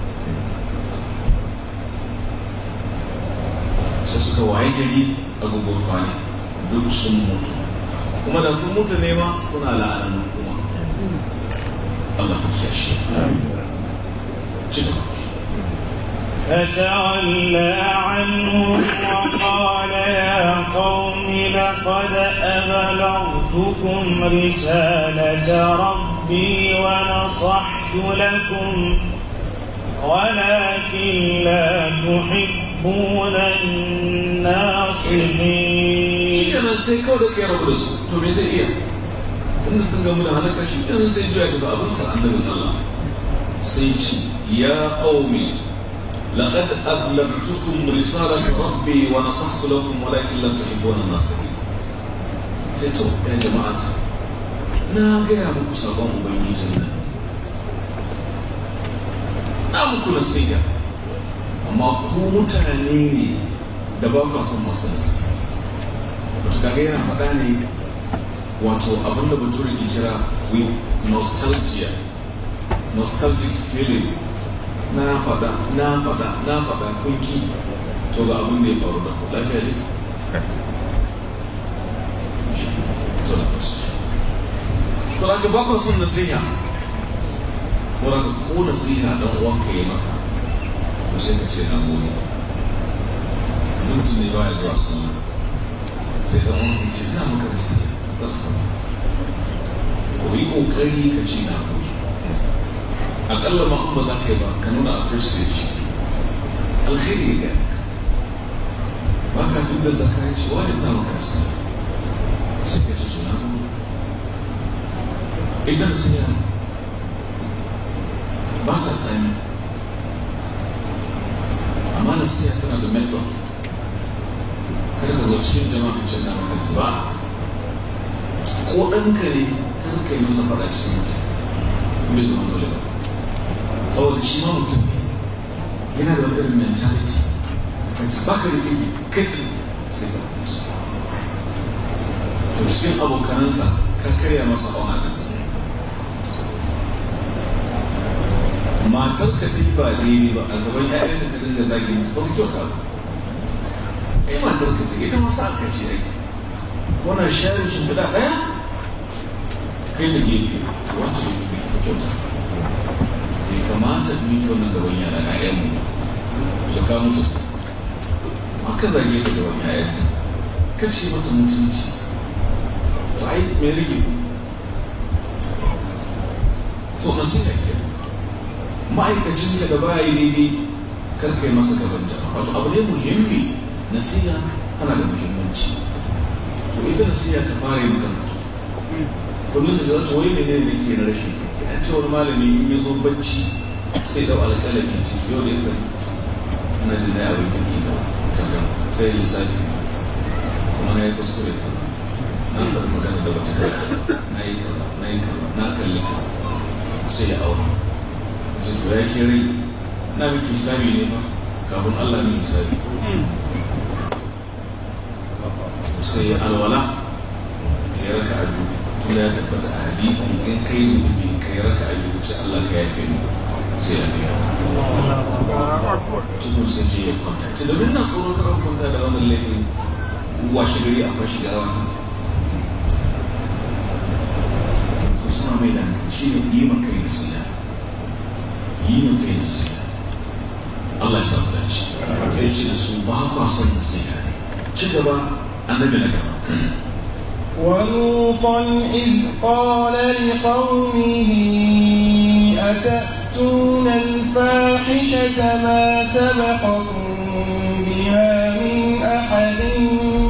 sai suka waye gari a gugu fani duk sun mutu kuma da sun mutu ne ma suna la'anin اللهم خير فتولى عنهم وقال يا قوم لقد أبلغتكم رسالة ربي ونصحت لكم ولكن لا تحبون الناصحين. Čija nas se kao da kjero tun da sun gamu da halaka shi kenan sai juya ba abin da annabin Allah sai ce ya qaumi laqad ablagtukum risalata rabbi wa nasahtu lakum walakin lam tuhibbuna nasihin sai to ya ta. na gaya muku sabon ubangijin nan na muku nasiha amma ku mutane ne da ba ku san masu nasiha wato kaga yana faɗa ne wato abin da bature ke kira with nostalgia nostalgic feeling na fada na fada na fada kunki to ga abin da ya faru da ku lafiya ne to da ka bakon sun nasiha to da ka ko nasiha don wanka ya maka to sai ka ce na gode zumtun ne ba ya zuwa suna sai da uwanka ce na maka nasiha kansa ku yi ƙoƙari ka ce na haƙuri aƙalla ma ba za ka yi ba ka nuna appreciation alheri ga ba ka fi da zaka ya ce wani na maka sa sai ka ce idan ba ta amma na tana da method kada ka zo cikin jama'a ka ce na maka ba ko ɗanka ne kan kai masa fara cikin mutum bai zama dole ba saboda shi ma mutum yana da irin mentality baka da kiki kai tsaye sai ba musu to cikin abokanansa ka karya masa ƙaunanansa matar ka ta yi ba daidai ba a gaban da ka dinga zagin ba ka kyauta ba ai matar ka ce ita masa ka ce ai wannan sharin shimfiɗa ɗaya kai ta gefe wata gefe ta kyauta bai kamata mu yi wannan gaban yara mu. da ka musu ma ka zage ta gaban ta. ka ce mata mutunci to ai me rage so sai ke ma'aikacin ka da baya daidai kar kai masa gaban jama'a wato abu ne muhimmi nasiha tana da muhimmanci ita nasiya ka fara yin karatu kullum da zata wai mene ne ke na rashin kirki an ce wani malami in ya zo bacci sai da alƙalami ce yau da yau na jin ya wai kirki da kaza sai ya lissafi kuma na yi kuskure kaza na faɗi magana da wata kaza na yi kaza na yi kaza na kalli kaza sai ya aure sai ya rai na miki sami ne ba kafin Allah ne sami. sai ya alwala ya raka a biyu kuma ya tabbata a hadithi in kai zunubi kai raka a biyu sai Allah ka yafe ni sai ya fiya tukun sai ke ya kwanta ce domin na tsoron karan kwanta da wannan laifin washe gari akwai shiga wata ko suna mai da shi ne yi maka yi nasiya yi maka yi nasiya Allah ya samu dace sai ce da su ba kwa son nasiya ci gaba ولوطا اذ قال لقومه اتاتون الفاحشه ما سبقكم بها من احد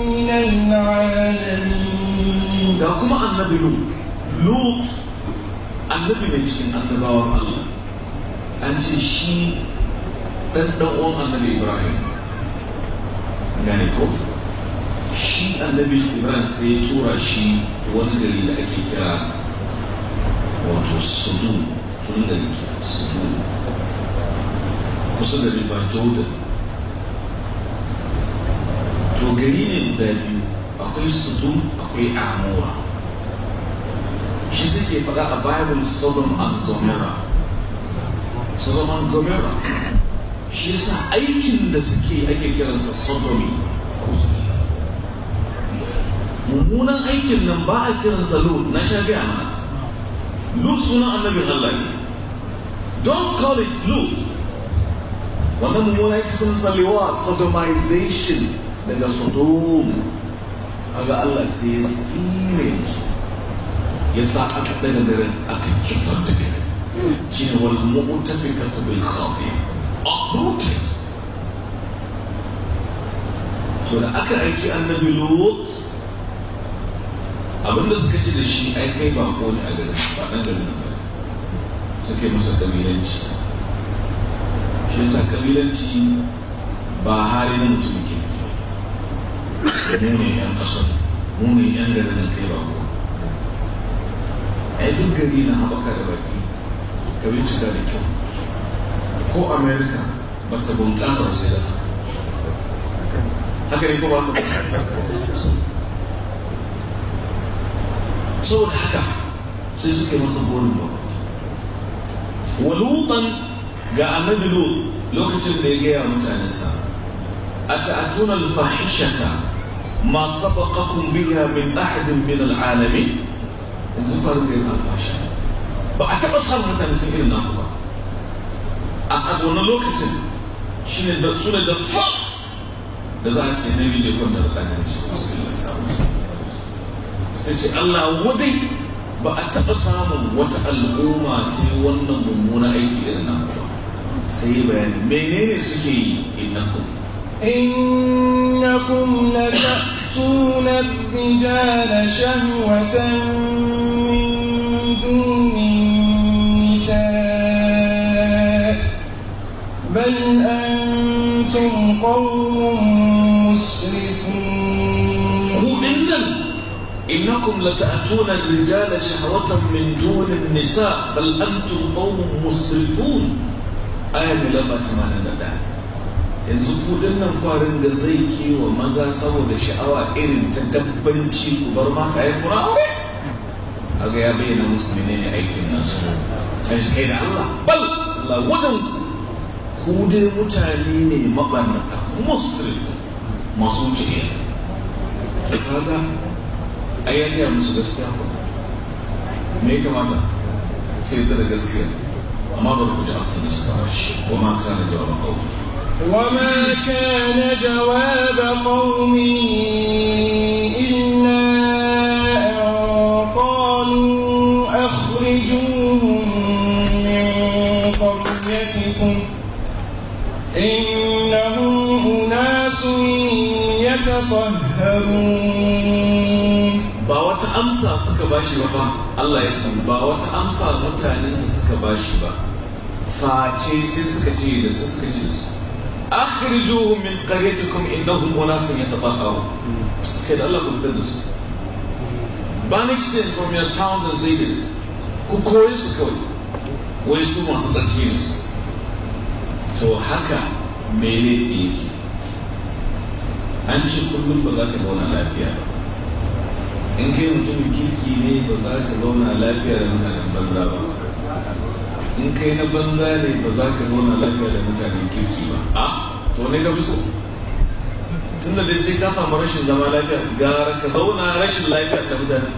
من العالمين ده كما النبي لوط لوط النبي بيتكلم عن الله أن شيء تدعو عن النبي إبراهيم يعني كفر shi annabi Ibrahim sai ya tura shi wani gari da ake kira wato sudu tun da ke a sudu kusa da riba jordan to gari ne guda biyu akwai sudu akwai amura shi suke faɗa a bible sodom and gomorrah sodom and gomorrah shi yasa aikin da suke ake kiransa sodomi ko mummunan aikin nan ba a kiransa lut na sha gaya mana lut sunan annabin Allah ne don't call it lut wannan mummunan aiki sun salewa sodomization daga sodom aga Allah sai ya tsine ya sa aka daga garin aka kibar da garin shi ne wal mu'tafikatu bil khati uprooted to aka aiki annabi lut abin da suka ci da shi ai kai ba ko ne a garin ba nan garin ba suke masa kabilanci shi yasa kabilanci ba hari na mutum ke. mu ne yan kasar mu ne yan garin nan kai ba ko ai duk gari na haɓaka da baki ka bincika da kyau ko america ba ta bunƙasa sai da haka ne ko ba ka saboda haka sai suke masa burin lokaci walutan ga annabi lokacin da ya gaya mutanensa a ta'atunan fahishata ma sabaqakum biha min ahadin min alalamin yanzu faru da yin alfahisha ba a taɓa samun mutane sun irin naku ba a tsakonin lokacin shine da su da first da za a ce namiji kwanta da ɗan su sai Allah wadai ba a taɓa samun wata al'umma ta yi wannan mummuna aiki irin na ba sai bayani menene suke yi innakum innakum la ta'tuna ar shahwatan min dunin nisa bal antum qawmun إنكم لتأتون الرجال شهوة من دون النساء بل أنتم قوم مسرفون آية لما تمانا yanzu ku dinnan kwarin da zai kewa maza saboda sha'awa irin ta dabbanci ku bar mata ya kuna aure kaga ya bayyana musu menene aikin nasu ta shi kai da Allah bal Allah ku dai mutane ne mabannata musrifu masu wuce അയാളെയാണ് സുഗസ്റ്റാക്കുന്നത് make മാറ്റാം ചെയ്തത് guest وما كان جواب قومي إلا أن قالوا أخرجوهم من قريتكم إنهم أناس يتطهرون amsa suka bashi ba fa Allah ya ce ba wata amsa mutanensa suka bashi ba face sai suka ce da sai suka ce su akhrijuhum min qaryatikum innahum unasun yatatahharun kai Allah ku fitar da su banish them from your towns and cities ku koyi su kawai wai su masu tsarki ne su to haka mai laifi yake an ce kullum ba za ka zauna lafiya ba in kai mutumin kirki ne ba za ka zauna lafiya da mutanen banza ba in kai na banza ne ba za ka zauna lafiya da mutanen kirki ba a to ne ka fi so tunda dai sai ka samu rashin zama lafiya gara ka zauna rashin lafiya da mutane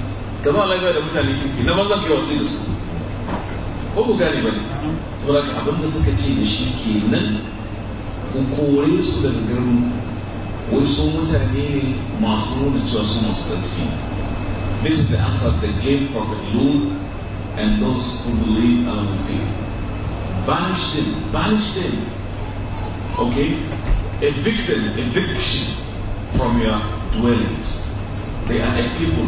ka zauna lafiya da mutane kirki na banza kai wasu da su ko ku gane ba ne saboda ka abin da suka ce da shi ke nan ku kore su daga garin wai su mutane ne masu nuna cewa su masu tsarki ne This is the the gate of the gloom and those who believe and fear. Banish them, banish them. Okay? Evict them, eviction from your dwellings. They are a people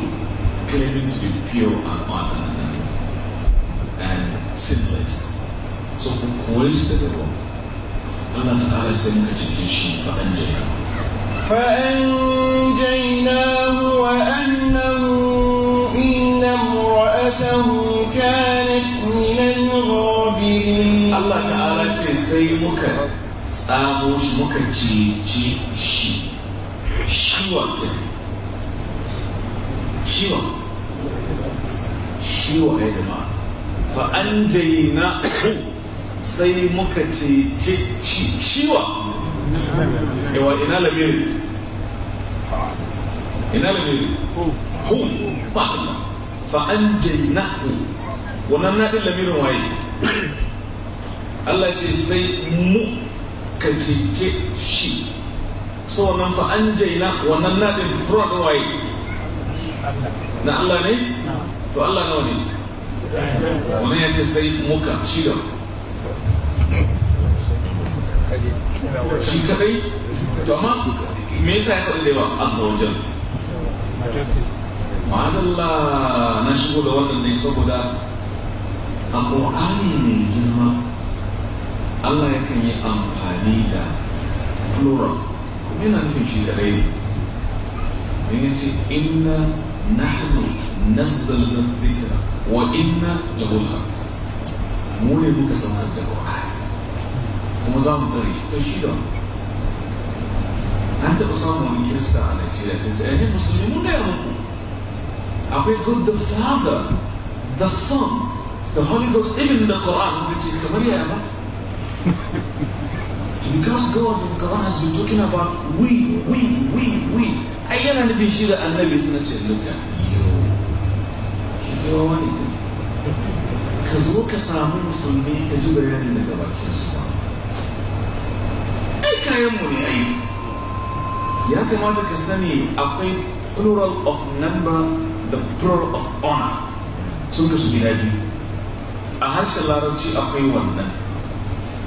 claiming to be pure and honest and sinless. So, who is the devil? Allah Ta'ala said, Kachikishi, Fa'anjaya. فأنجيناه وأهله إلا امرأته كانت من الغابرين الله تعالى تسي مكة ساموش مكة جي جي شي شيوا كده شيوا شيوا يا جماعة فأنجينا سي مكة جي جي شيوا yawa ina lamiri ina lamiri hu ba fa an jainahu wannan na din lamirin waye Allah ce sai mu ka cece shi so wannan fa an jaina wannan na din furan waye na Allah ne to Allah nawa ne wannan ya ce sai muka shi da shi kadai to amma me yasa ya faɗi da yawa azza wa jalla ma'adalla na shigo da wannan ne saboda a ƙoƙari mai girma Allah yakan yi amfani da plural kuma yana nufin shi kadai ne don ya ce inna nahnu nazzalna dhikra wa inna lahu mu ne muka sanar da Qur'ani kuma za mu tsare shi to shi da an taɓa samun wani kirista a Najeriya sai ta ainihin musulmi mun gaya muku akwai God the Father the Son the Holy Ghost even the Quran which is kamar yaya ba because God in Quran has been talking about we we we we ai yana nufin shi da annabi suna ce luka yo ki kawo wani ka zo ka samu musulmi ka ji bayanin daga bakin su ba iyayenmu ne ai ya kamata ka sani akwai plural of number da plural of honor sun kasu gida biyu a harshen larabci akwai wannan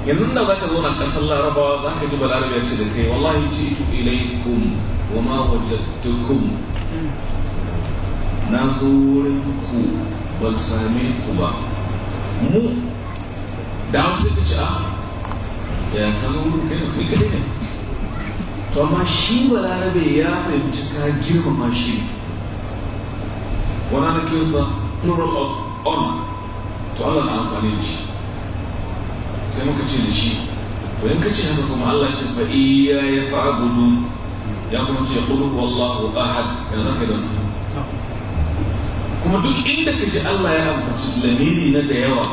yanzu da za ka zo na ƙasar larabawa za ka duba larabiya ce da kai wallahi ce ilai kun wa ma wajadtukum na zo ku ban same ku ba mu da wasu ce a ah, ya ka zo mun kai kai kai ne to amma shi balarabe ya fahimci ka girmama shi wani ana kinsa plural of honor to Allah na amfani da shi sai muka ce da shi to in ka ce haka kuma Allah ce fa iya ya fa'budu ya kuma ce qul Wallahu, ahad ya zaka da kuma duk inda ka ji Allah ya ambaci lamiri na da yawa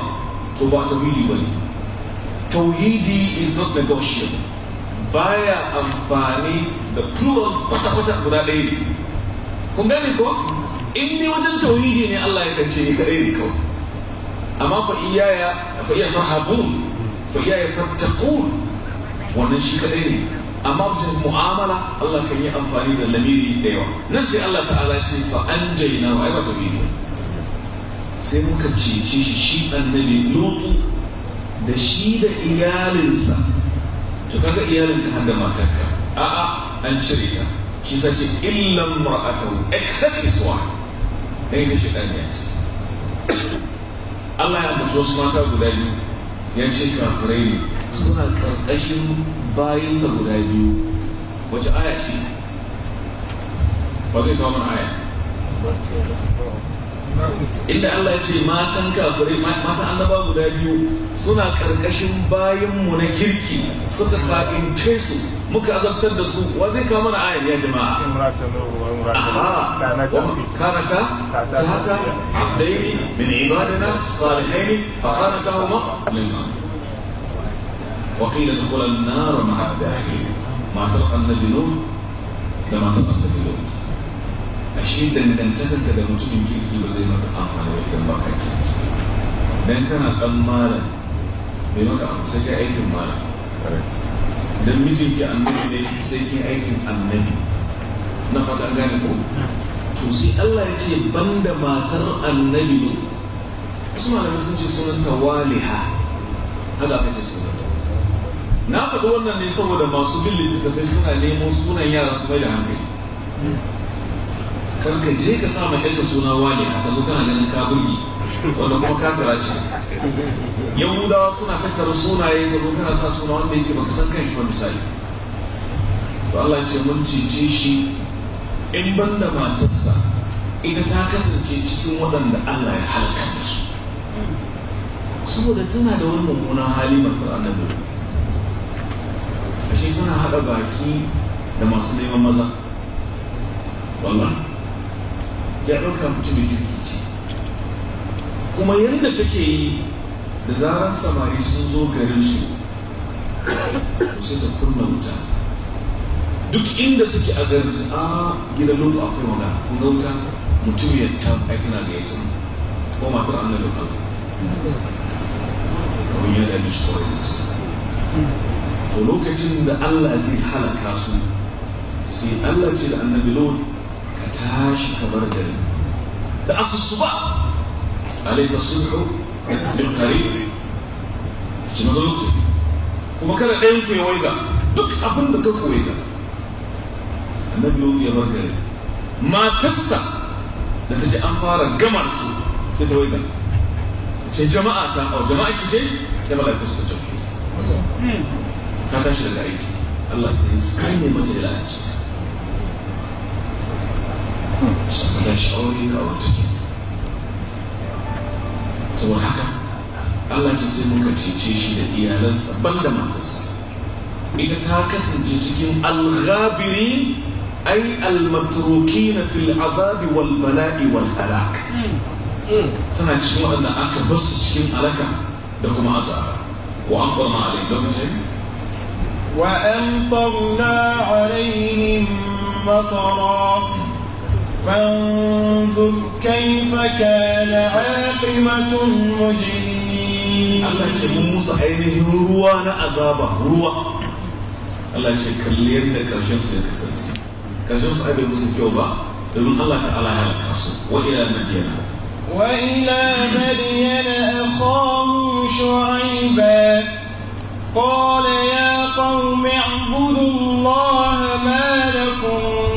to ba ta ba ne. tauhidi is not negotiable baya amfani da plural kwata-kwata guda ɗaya ne kun gani ko in ni wajen tauhidi ne Allah ya kance ni kaɗai ne kawai amma fa iyaya fa iya fahabun fa iyaya fattaqun wannan shi kaɗai ne amma wajen mu'amala Allah kan yi amfani da lamiri da yawa nan sai Allah ta'ala ce fa an jaina wa ai ba tauhidi sai muka cece shi shi annabi lutu da shi da iyalinsa to kaga iyalinka har da matarka a'a an cire ta shi sa ce illan mar'atahu except his wife dan ita shi ya ce Allah ya mutu wasu mata guda biyu ya ce kafirai ne suna ƙarƙashin bayansa guda biyu wace aya ce ba zai kawo mana aya inda Allah ya ce matan kafirai matan annaba guda biyu suna karkashin bayanmu na kirki suka sa'ince su muka azabtar da su wa zai kama na ayan ya jama'a kanata tata abdaini min ibadina salihaini fa kanata huma lillah wa qila dkhula an-nar ma'a dakhil matar annabi nuh da matar annabi ashe da dangantakanka da mutumin kirki ba zai maka amfani da idan baka kirki dan kana dan malam bai maka amfani sai aikin malam dan mijinki annabi ne sai ki aikin annabi na fata gane ko to sai Allah ya ce banda matar annabi ne wasu malamai sun ce sunanta waliha haka aka ce sunanta na faɗi wannan ne saboda masu bin littattafai suna nemo sunan yaran su bai da hankali kar ka je ka sa mai ɗanka suna wani a kan kana ganin ka wanda kuma ka yahudawa suna tattara sunaye zama tana sa suna wanda yake baka san kan ba misali to Allah ce mun cece shi in da matarsa ita ta kasance cikin waɗanda Allah ya halaka da su saboda tana da wani mummunan hali matar annabi ashe tana haɗa baki da masu neman maza wallahi ya ɗauka mutumin kirki ce kuma yadda take yi da zaran samari sun zo garin su sai ta kunna wuta duk inda suke a garin su a ah, gina lutu akwai wani kun wuta mutum ya ta ai tana da yatin ko matar annabi Allah abin yana da shi kawai da su to lokacin da Allah zai halaka su sai Allah ce da annabi lord tashi kamar dare da asus ba alaisa subhu min qarib ci mazo lokaci kuma kada ɗayan ku ya waiga duk abin da ka koyi ga annabi lutu ya bar gari matarsa da ta ji an fara gama su sai ta waiga ce jama'a ta hau jama'a ki ce sai mala'iku suka jama'a ta tashi daga aiki Allah sai ya tsane mata ya lalace ta shakula shi aure ka To haka Allah ta sai muka cece shi da iyalansa ban da matarsa ita ta kasance cikin alghabiri ai almatrukina fil azabi wal bala'i wal halak hmm. tana cikin waɗanda aka basu cikin alaka da kuma azaba wa an ƙwarma alai lokacin وأمطرنا عليهم مطرا فانظر كيف كان عاقبة المجرمين الله يجعل موسى هذه روى عذابا روى الله يجعل كلين كرشن سيدك سنتي كرشن سيدك موسى كيوبا دمون الله تعالى هلك أصول وإلى مدينة وإلى مدينة أخاهم شعيبا قال يا قوم اعبدوا الله ما لكم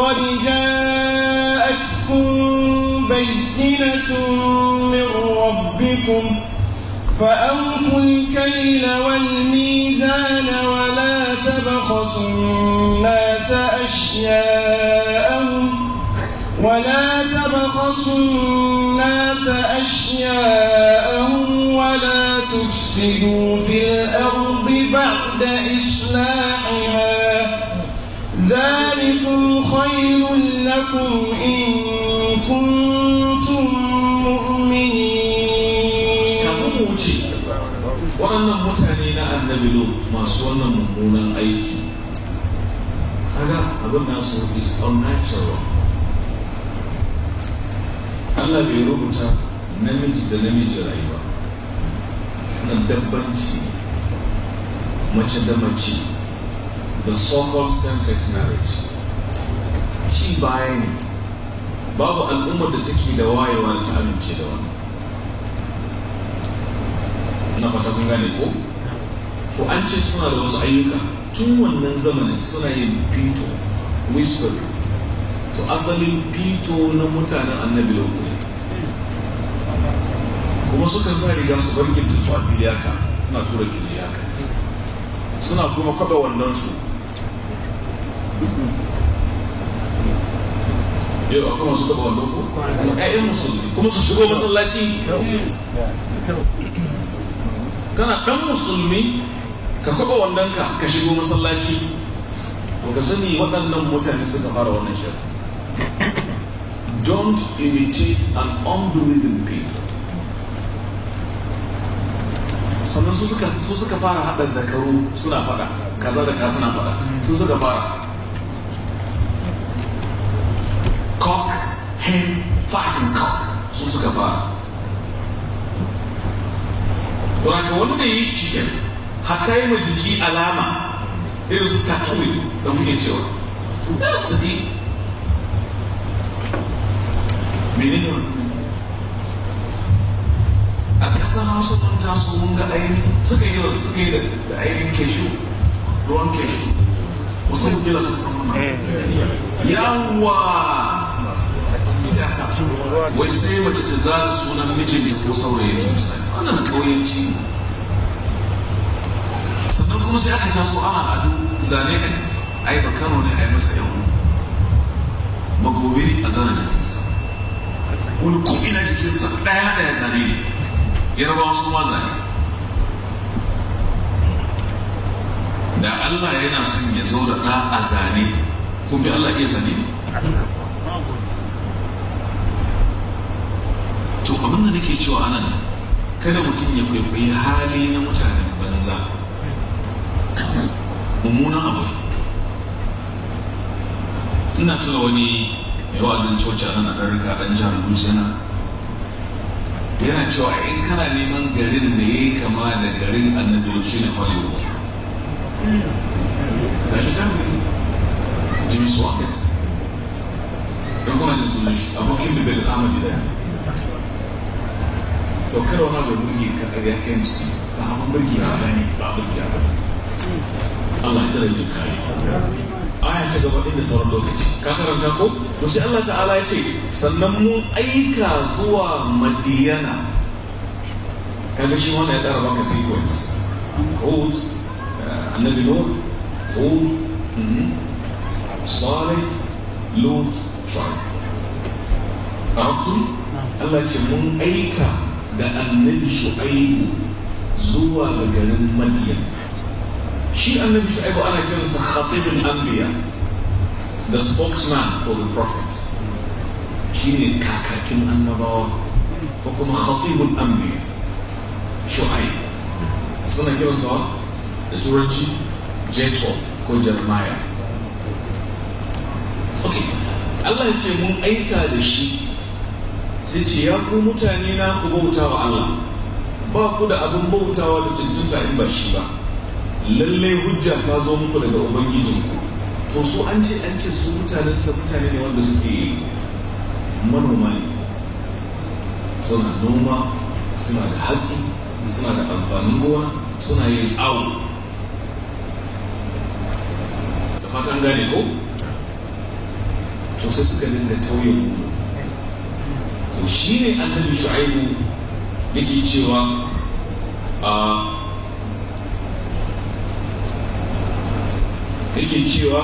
قد جاءتكم بينة من ربكم فأوفوا الكيل والميزان ولا تبخسوا الناس أشياءهم ولا تبخسوا الناس أشياءهم ولا تفسدوا في الأرض بعد إسلامهم لكم إن كنتم waɗannan mutane na annabi masu wannan mummunan aiki kaga abin nasu is unnatural Allah bai rubuta namiji da namiji rayuwa na dabbanci mace da mace the so-called same-sex marriage ci baya ne babu al'ummar da take da wayewa ta amince da wani na fata kun gane ko ko an ce suna da wasu ayyuka tun wannan zamanin suna yin fito whisper so asalin fito na mutanen annabi lautu kuma sukan sa riga su bar su a fili haka suna tura kirji haka suna kuma kwaɗa wannan su yau akwai masu taba wanda ku kuma ƴaƴan musulmi kuma su shigo masallaci kana ɗan musulmi ka kwaɓa wannan ka shigo masallaci to ka sani waɗannan mutane suka fara wannan shirin don't imitate an unbelieving people sannan su suka fara haɗa zakaru suna faɗa kaza da ka suna faɗa su suka fara he fatin cock su suka fara ya yi hatta yi jiki alama irin su da muke cewa. Menene a ƙasar hausa sun mun ga ainihin suka yi da ainihin wasu gila wai sai mace ta zara sunan mijinta ko saurayin ta wannan kauyanci sannan kuma sai aka taso ana ado zane a jiki ai ba kano ne a yi masa yawo magobiri a zana jikinsa wani kuɗi na jikinsa ɗaya ɗaya zane ne yarbawa su ma zane da Allah yana son ya zo da ɗa a zane kun bi Allah iya zane ne to abin da nake cewa anan kada mutum ya kwaikwayi hali na mutanen banza mummunan abu ina tuna wani mai wa'azin coci a nan a ɗarurka ɗan jihar Lusiyana yana cewa in kana neman garin da ya yi kama da garin annabi shi ne Hollywood ga shi Jimmy Swaggart don kuma jin sunan shi abokin bibel Ahmad Hidayat to kada wani abu burge ka a ga kai musu ba abin ya ba ba ne ba ya ba Allah shi da jin kare aya ta gaba inda sauran lokaci ka karanta ko to sai Allah ta'ala ya ce sannan mun aika zuwa madiyana kaga shi wannan ya dara baka sequence Hud eh, annabi Nuh Hud mhm. Salih Lut Shu'aib عرفتم؟ الله يقول من Da annabi shu'aibu zuwa ga garin madiyan shi annabi shu'aibu ana kiransa khatibul anbiya the spokesman for the prophets ne kakakin annabawa ko kuma khatibul anbiya shu'aibu suna kiransa wa da turanci Jeto ko jeremiah okay Allah ya ce mun aika da shi sai ce ya ku mutane na ku bauta wa Allah ba ku da abin bautawa da cancanta in ba shi ba lallai hujja ta zo muku daga ubangijinku to su an ce an ce su mutanen sa mutane ne wanda suke manoma ne suna noma suna da hatsi suna da amfanin gona suna yin awo da fatan gane ko to sai suka dinga tauye to shi ne annabi shu'aibu yake cewa a yake cewa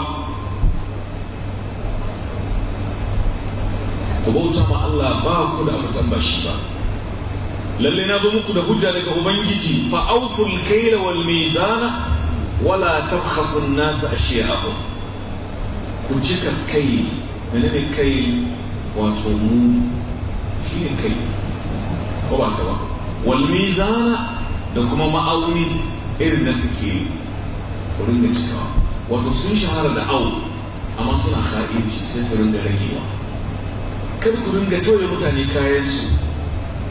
ku bauta ma Allah ba ku da abutan ba shi ba lalle na zo muku da hujja daga ubangiji fa awful kayla wal mizana wala tabkhasu an-nas ashya'ahum ku cika kai menene kai wato mu shine kai ko ba ka ba wal mizana da kuma ma'auni irin na suke wurin da cikawa wato sun shahara da au amma suna ha'inci sai su rinda ragewa kar ku ringa tauye mutane kayansu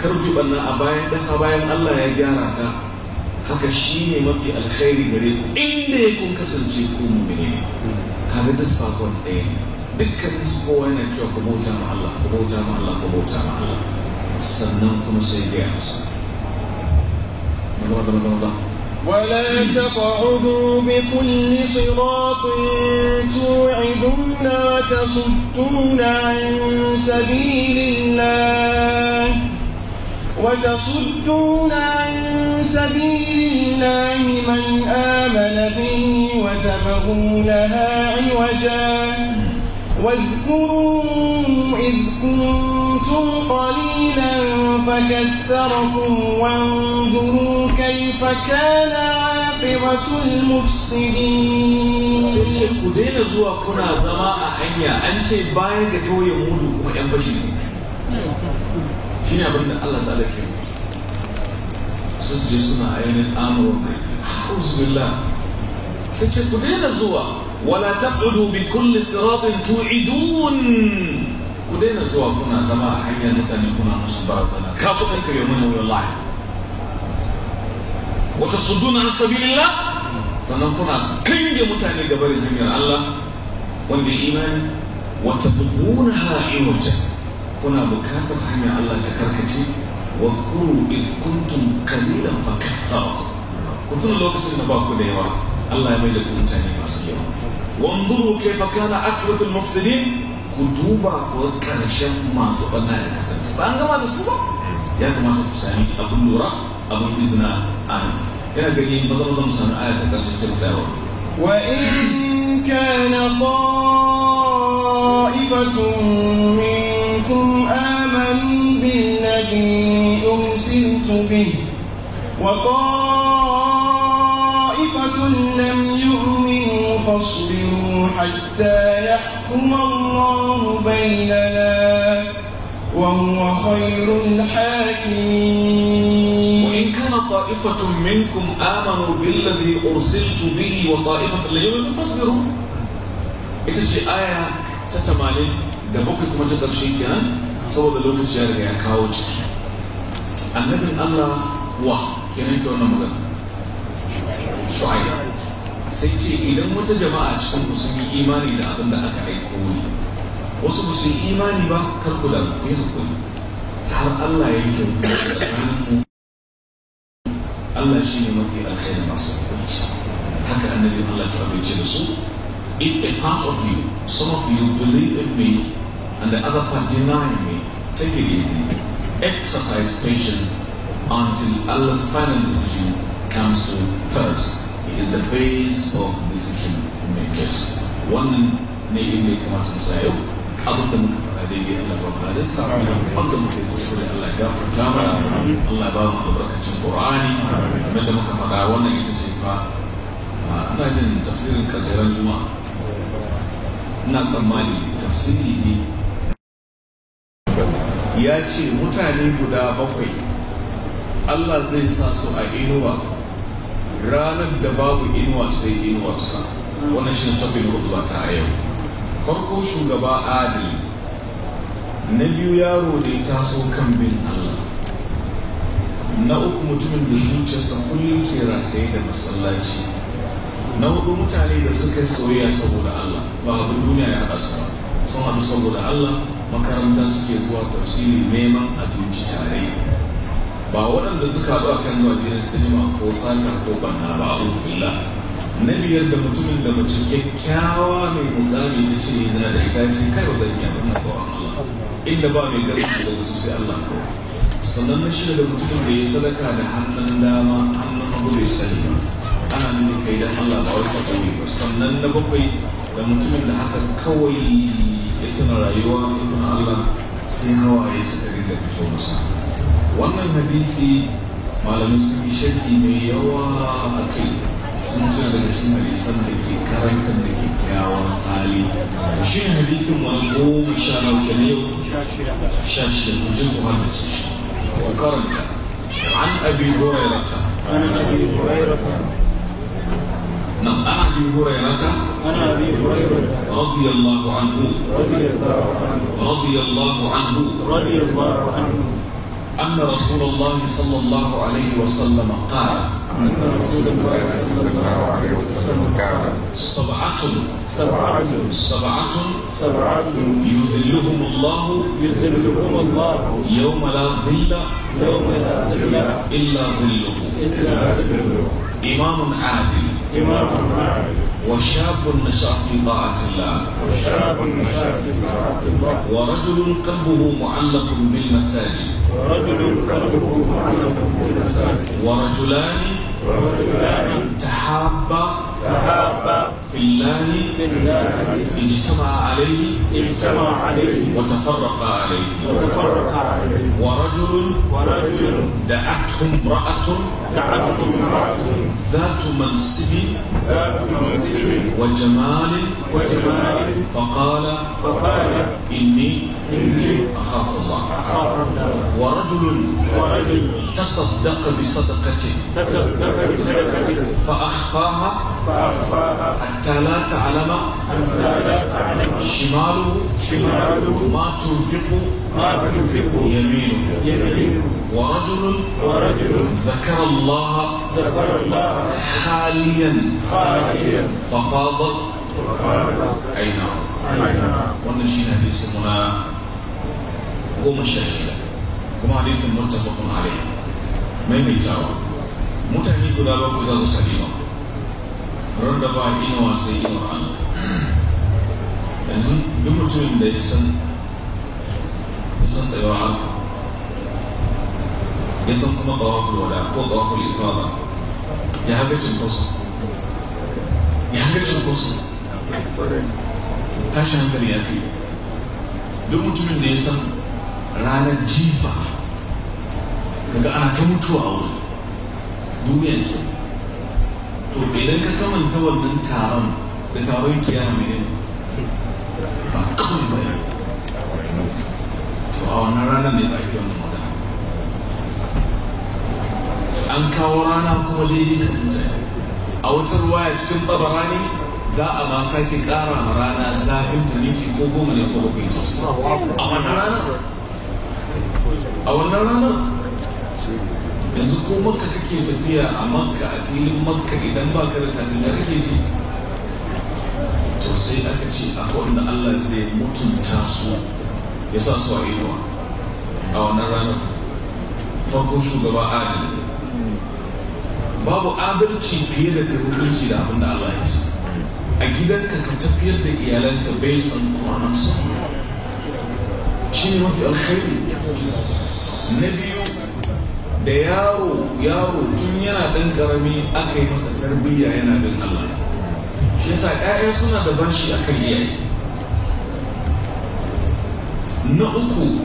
kar ku banna a bayan ƙasa bayan Allah ya gyara ta haka shi ne mafi alkhairi gare ku inda ya kun kasance ku mu'mini kaga sakon ɗaya dukkan su kowa yana cewa ku bauta ma Allah ku bauta ma Allah ku bauta ma Allah sannan kuma sai ya musu maza maza maza ولا تقعدوا بكل صراط توعدون وتصدون عن سبيل الله وتصدون عن سبيل الله من آمن به وتبغونها عوجا واذكروا إذ كنتم قليلا فكثركم وانظروا كيف كان عاقبة المفسدين sai ku daina zuwa kuna zama a hanya an ce bayan ga tauye mudu kuma yan bashi ne shi ne abin amurka hausu ku daina zuwa wala tab'udu bi kulli siratin tu'idun ku daina zuwa kuna zama a hanyar mutane kuna musu barazana ka kuɗin ka yau mana wallahi wata suduna an sabilillah sannan kuna kange mutane barin hanyar Allah wanda imani wata buhuna ha'iwaja kuna bukatar hanyar Allah ta karkace wa kuru in kuntum kalilan fa kaththarakum ku tuna lokacin da ba ku da yawa Allah ya mai da mutane masu yawa وانظروا كيف كان عقبة المفسدين كتوبة وكان الشيخ ما سبنا يا حسن فأنا ما نسوى يا كما تفساني أبو النورة أبو الإذن آمين إنا قليل مزل مزل مزل آية تكرس السلف وإن كان طائفة منكم آمن بالذي أرسلت به وطائفة فاصبروا حتى يحكم الله بيننا وهو خير الحاكمين وإن كان طائفة منكم آمنوا بالذي أرسلت به وطائفة لا فاصبروا إتشي آية تتمالي da bakwai kuma ta ƙarshe kenan saboda lokaci ya riga ya الله ciki annabin Allah wa kenan sai ce idan wata jama'a cikin musu yi imani da abin da aka aiko ne wasu su yi imani ba kar ku da ku yi hakuri har Allah ya yi Allah shi ne mafi alkhairi masu hukunci haka annabi Allah ta bai da su if a part of you some of you believe in me and the other part deny me take it easy exercise patience until Allah's final decision comes to first is the base of decision makers wannan ne inda ya kamata mu tsaya abin da muka faɗa daidai Allah ba mu ladan sa wanda muka yi kuskure Allah ya gafarta mana Allah ba mu albarkacin Qur'ani kamar da muka faɗa ah, wannan ita ce fa ina jin tafsirin kaziran juma'a ina tsammani tafsiri ne ya ce mutane guda bakwai Allah zai sa su a inuwa ranar da babu inuwa sai inuwarsa wannan shi ne tafin hudu ta yau farko shugaba adali na biyu yaro da ya taso kan bin allah na uku mutumin da zuciyarsa kullum ke rataye da masallaci na hudu mutane da suka yi soyayya saboda allah ba abin duniya ya haɗa su ba sun haɗu saboda allah makaranta suke zuwa tafsiri neman abinci tare ba waɗanda suka ba kan zuwa gidan sinima ko sata ko banna ba abu billah na biyar da mutumin da mace kyakkyawa mai mukami ta ce zana da ita ce kai wajen zan iya ba tsawon Allah inda ba mai garin da su sai Allah ko sannan na shida da mutumin da ya sadaka da hannun dama hannun abu ya sani ba ana nuna kai dan Allah ba wai kawai ba sannan na bakwai da mutumin da haka kawai ya tana rayuwa ya tana Allah sai hawaye suka dinga fito musamman. wannan hadisi malamin sun yi shakki mai yawa a kai sun suna daga cikin hadisan da ke karantar da kyakkyawan hali shi hadisin wani goma sha nawa kenan yau sha shida ku je ku hada shi ku karanta عن ابي هريره عن ابي هريره نعم عن ابي هريره عن ابي هريره رضي الله عنه رضي الله عنه رضي الله عنه رضي الله عنه أن رسول الله صلى الله عليه وسلم قال أن رسول الله صلى الله عليه وسلم قال سبعة سبعة سبعة سبعة يذلهم الله يذلهم الله يوم لا ظل يوم لا ظل إلا ظله إلا ظله إمام عادل إمام وشاب نشأ في طاعة الله وشاب نشأ في طاعة الله ورجل قلبه معلق بالمساجد ورجل قلبه معلق بالمساجد ورجلان ورجلان تحابا تحابا في الله في الله اجتمع عليه اجتمع عليه وتفرق عليه وتفرق عليه ورجل ورجل دعته امرأة ذات منصب ذات منصب وجمال وجمال فقال فقال إني إني أخاف الله أخاف الله ورجل ورجل تصدق بصدقته تصدق بصدقته فأخفاها فأخفاها حتى لا تعلم حتى لا تعلم شماله شماله ما تنفق ورجل ورجل ذكر الله ذكر الله حاليا حاليا ففاضت عينا ونشينا باسمنا قوم الشهيد كما حديث متفق عليه من بيتاو متهي كل الوقت ذا سليما رد بعد إنه وسيم عنه لازم بمتوين ديسن son tsayuwa haka ya san kuma ƙawafin wada ko ƙawafin ifada ya haka cinkoso ya tashin hankali ya duk mutumin da ya san ranar jifa daga ana mutuwa a wuri duniyan ke to idan ka kamanta wannan taron da taron ba kawai to a wannan ranar ne ba ake wannan magana an kawo rana kuma daidai da ta a wata ya cikin tsabarani, za a ma sake ƙara ma rana zafin ta miki ko goma ne ko bakwai ta a wannan rana a wannan rana yanzu ko makka kake tafiya a makka a filin makka idan ba ka da tafiya kake ji to sai aka ce akwai wanda allah zai mutunta su ya sa su a inuwa a wannan ranar farko shugaba adali babu adalci fiye da kai hukunci da abin da Allah ya ce a gidanka ka tafiyar da iyalanka based on Quran shi ne mafi alkhairi na biyu da yaro yaro tun yana dan karami aka yi masa tarbiyya yana bin Allah shi yasa 'ya'ya suna da bashi akan iyaye na uku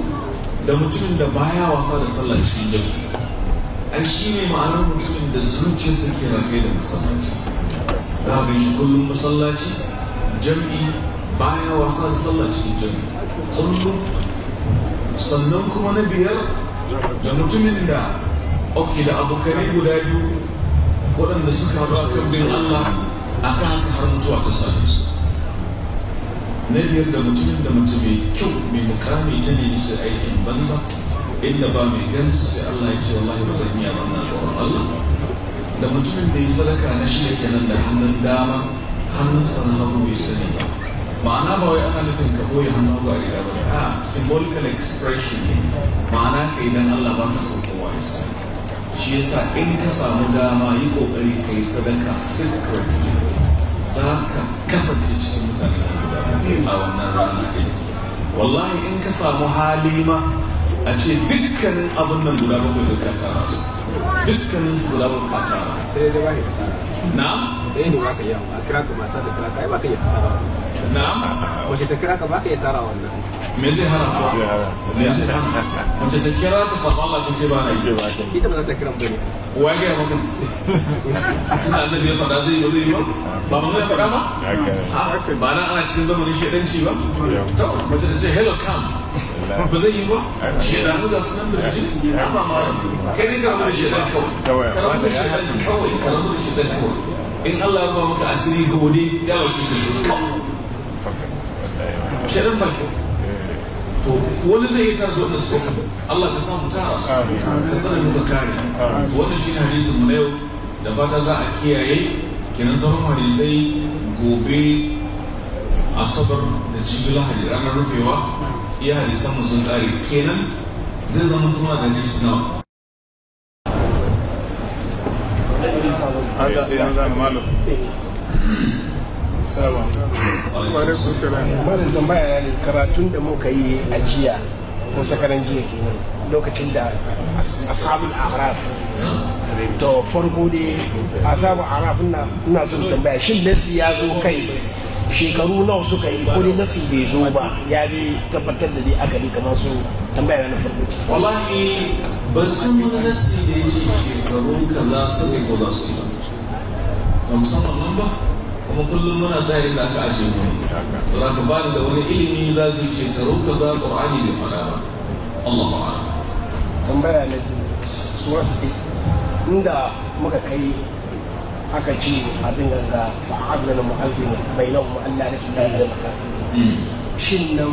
da mutumin da baya wasa da sallah cikin jami'a ai shi ne ma'anar mutumin da zuciyarsa ke rataye da masallaci za a kullum masallaci jam'i baya wasa da sallah cikin jam'i kullum sannan kuma na biyar da mutumin da ok da abokanai guda biyu waɗanda suka ba kan bin Allah a kan har mutuwa ta same su na biyar da mutumin da mace mai kyau mai mukami ta nemi su aikin banza inda ba mai ganci sai Allah ya ce wallahi ba zan iya wannan tsoron Allah da mutumin da ya sadaka na shida kenan da hannun dama hannun sana hagu bai sani ba ma'ana ba wai ana nufin ka boye hannu ba gida ba a ah, symbolical expression ne ma'ana ka idan Allah ba ka sauko wa ya sani shi yasa in ka samu dama yi kokari ka yi sadaka secretly za ka kasance cikin mutane a wannan rana wallahi in ka samu hali ma a ce dukkanin abin nan guda bakwai da ka tara su dukkanin su guda bakwai ka tara sai dai ba ka tara na ɗaya ne ba ka yi a kira ka mata da kira ka yi ba ka yi tara na'am wace ta kira ka baka tara wannan me zai hana ka me zai wace ta kira ka sabon Allah ta ce ba na ce ba ka ita ba za ta kira bane wa ga maka tun annabi ya faɗa zai zai yi ba ba zai faɗa ba ah, ba nan ana cikin zamanin shedanci ba to wace ta ce hello come ba zai yi ba shedanu ga su nan birji amma ma kai ne ga mun shedan kawai kawai kawai in Allah maka asiri gode ya shirin baki to wani zai yi tare da wannan Allah ka samu tara su ka tsare mu ka kare wani shi ne hadisin mu na yau da fata za a kiyaye kenan sauran hadisai gobe asabar da cikin lahadi ranar rufewa iya hadisan mu sun kare kenan zai zama kuma da hadisi nawa Malam karatun da muka yi a jiya ko sakaran jiya kenan lokacin da ashabul araf to farko dai ashabul araf ina son tambaya shin nasi ya zo kai shekaru nawa suka yi ko dai nasi bai zo ba ya bi tabbatar da dai akali kamar su tambaya na farko wallahi ban san wani nasi da ya ce shekaru kaza suka yi ko za su yi ba musamman ba kuma kullum muna sa da aka aje mu saboda ba da wani ilimi za su yi shekaru ka za qur'ani bai faɗa ba Allahu akbar tambaya ne suratu inda muka kai aka ce abin ganga fa'azza na bai bainan mu Allah da tunan da makafi shin nan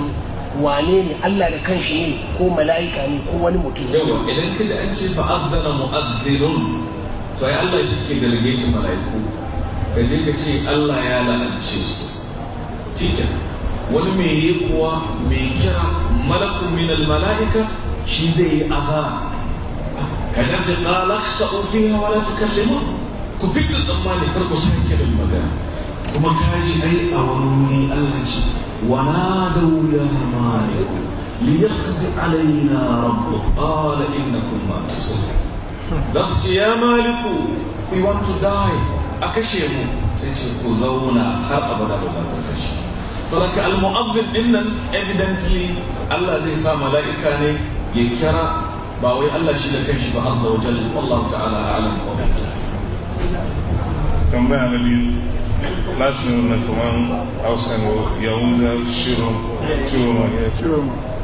wane ne Allah da kanshi ne ko mala'ika ne ko wani mutum yawa idan kada an ce fa'azza na to ai Allah shi ke delegating mala'iku ka je ka ce Allah ya la'ance su tikin wani mai yi kuwa mai kira malakun minal mala'ika shi zai yi aha ka ta qala sa'u fiha wa la ku fi da tsammani kar ku sake da magana kuma kaji ai a wani wuri Allah ce wa nadaw ya malik liyaqdi alaina rabbu qala innakum makisun za su ce ya maliku we want to die a kashe mu sai ce ku zauna har abada ba za ku tashi saboda al-mu'adhdhib din nan evidently Allah zai sa mala'ika ne ya kira ba wai Allah shi da kanshi ba azza wa jalla wallahu ta'ala a'lam wa tambaya na biyu lasu na kuma Hausa ne Yahuza Shiro Chiroma Chiroma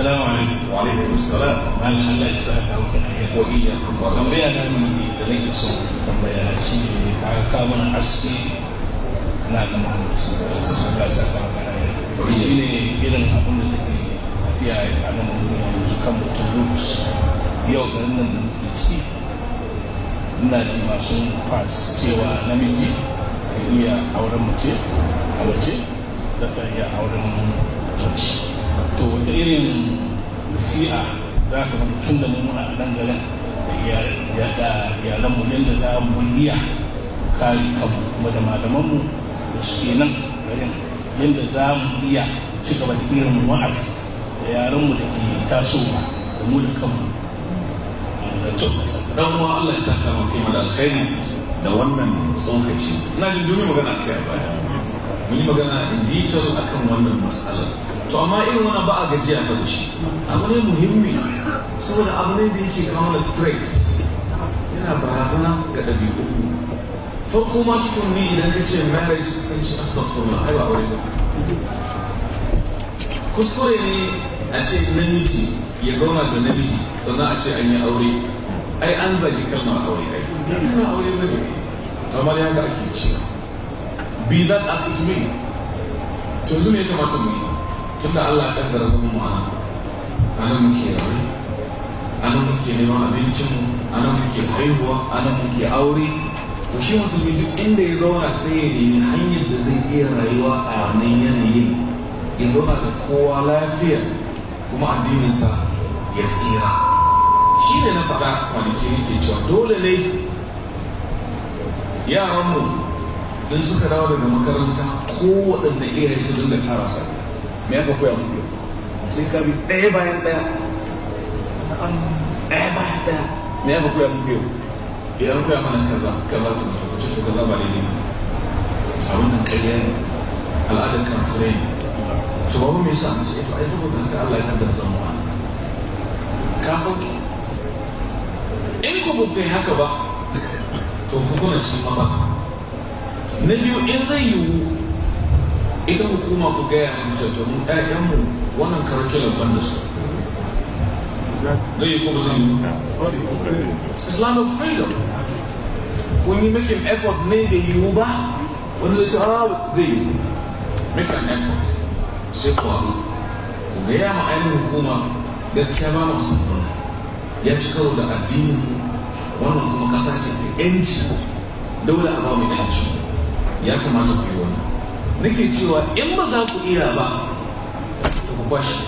السلام عليكم وعليكم السلام هل Allah ya sa ka wuce ne ko iya ko na ni da nake so tambaya shi ne ka ka mana aski na da mu su su ka sa ka kana to shi ne irin abin da take tafiya a nan mun yanzu kan mutum lux yau garin nan da muke ciki ina ji masu pass cewa namiji kan iya auren mace a mace da ta iya auren mace to wata irin nasi'a za ka tun da mun a nan garin da iyalanmu yadda za mu niyya kare kanmu kuma da malamanmu da suke nan garin yadda za mu iya ci gaba da irin wa'azi da yaranmu da ke tasowa da mu da kanmu dan uwa Allah ya saka maka kai da alkhairi da wannan tsokaci ina jin dole magana kai a baya mun yi magana in detail akan wannan matsalar to amma irin wani ba a gajiya ta da shi abu ne muhimmi saboda abu ne da yake kawo da traits yana barazana ga ɗabi'u farko ma ni idan ka ce marriage sun ci astaghfirullah ai ba aure ba kuskure ne a ce namiji ya zauna da namiji sannan a ce an yi aure ai an zagi kalmar aure ai ba aure ba ne kamar yadda ake cewa be that as it may to yanzu ya kamata mu yi tunda Allah ya kaddara sun mu ana anan muke rayu anan muke neman abincinmu anan muke haihuwa anan muke aure to shi musulmi duk inda ya zauna sai ya nemi hanyar da zai iya rayuwa a wannan yanayin ya zauna da kowa lafiya kuma addininsa ya tsira shi ne na faɗa kwanaki yake cewa dole ne yaranmu in suka dawo daga makaranta ko waɗanda iyaye su dinga tara sa me aka koya muku sai ka bi ɗaya bayan ɗaya ɗaya bayan ɗaya me koya muku yau idan koya mana kaza kaza ta mace kuce kaza ba daidai a wannan ƙarya ne al'adar kafirai ne to babu me yasa mace to ai saboda haka Allah ya kaddara zan mu'a ka sauke in ku haka ba to hukunan cikin ba na biyu in zai yiwu ita hukuma ku gaya mu cewa mu ɗayanmu wannan curriculum ban da su zai yi kuma islam of freedom kun yi making effort ne da yiwu ba wani zai ce a zai yi make an effort sai kuwa ku gaya ma ainihin hukuma gaskiya ba masu ya ci karo da addini wannan kuma ƙasa ce ta 'yanci dole a ba mai ya kamata ku yi wannan nake cewa in ba za ku iya ba da ku bashi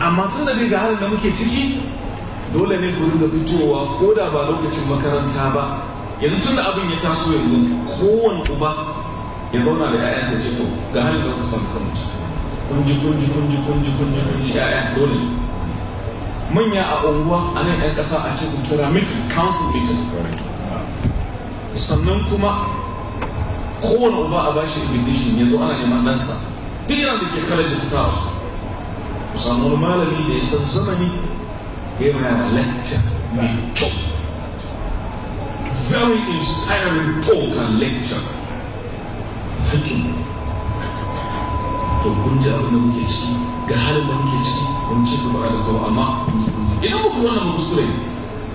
amma tun da ga halin da muke ciki dole ne ku ringa fitowa ko da ba lokacin makaranta ba yanzu tun da abin ya taso yanzu kowane uba ya zauna da 'ya'yansa ce ciko, ga halin da ji, kun ji, kunji kunji kunji kunji kunji kunji 'ya'ya dole manya a unguwa a nan 'yan ƙasa a ce ku kira meeting council meeting sannan kuma kowane uba a bashi invitation ya zo ana neman ɗansa duk yana da ke kare jikuta a su ku samu wani malami da ya san zamani ya yi mana lecture mai kyau very inspiring talk and lecture hakim to kun ji abin da muke ciki ga halin da muke ciki kun ci gaba da kawo amma ina muku wannan kuskure ne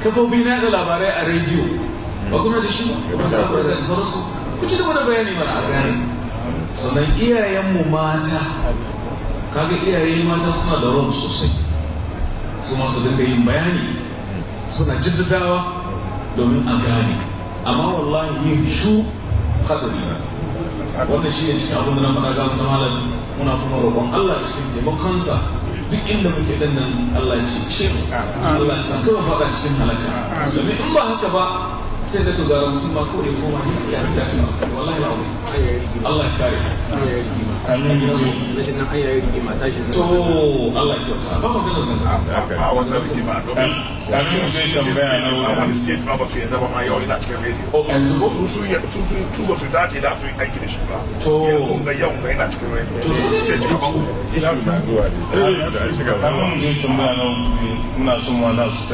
kafofi na yada labarai a rediyo ba kuna da shi ba ba da sauransu ku ci gaba da bayani mana a gane sannan iyayenmu mata kaga iyaye mata suna da rom sosai su masu dinga yin bayani suna jaddadawa domin a gane amma wallahi yin shu hadari wannan shi ne cikin abin da na faɗa ga ta malam muna kuma roƙon Allah cikin taimakonsa duk inda muke dandan Allah ya ce ce Allah ya sa kuma faɗa cikin halaka domin in ba haka ba sai ga to ga mutum ma kawai koma ne ya da wallahi ba Allah ya kare annan ya zo rashin nan ayyayi rigima tashi to Allah ya kyauta ba magana zan a wannan rigima domin kafin sai tambaya na wani state ba ba su ba ma yau ina cikin radio oh, su su su su su ba su dace da su aiki da shi ba to yanzu ga yau ga ina cikin radio to ba uku ba zuwa da shi ga wannan tambaya na muna son wannan su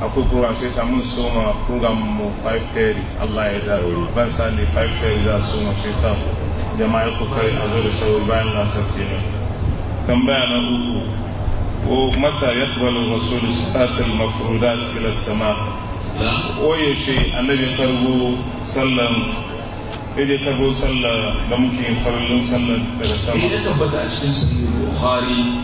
akwai program sai samun soma program mu 5:30 Allah ya da ban sani 5:30 za su ma sai sa jama'a ku kai a zo da bayan lasar kenan tambaya na uku ko mata yaqbalu rasul salatul mafrudat ila sama ko yaushe annabi karbo sallan daidai karbo sallah da muke farillin sallar daga sama ya tabbata a cikin sahih bukhari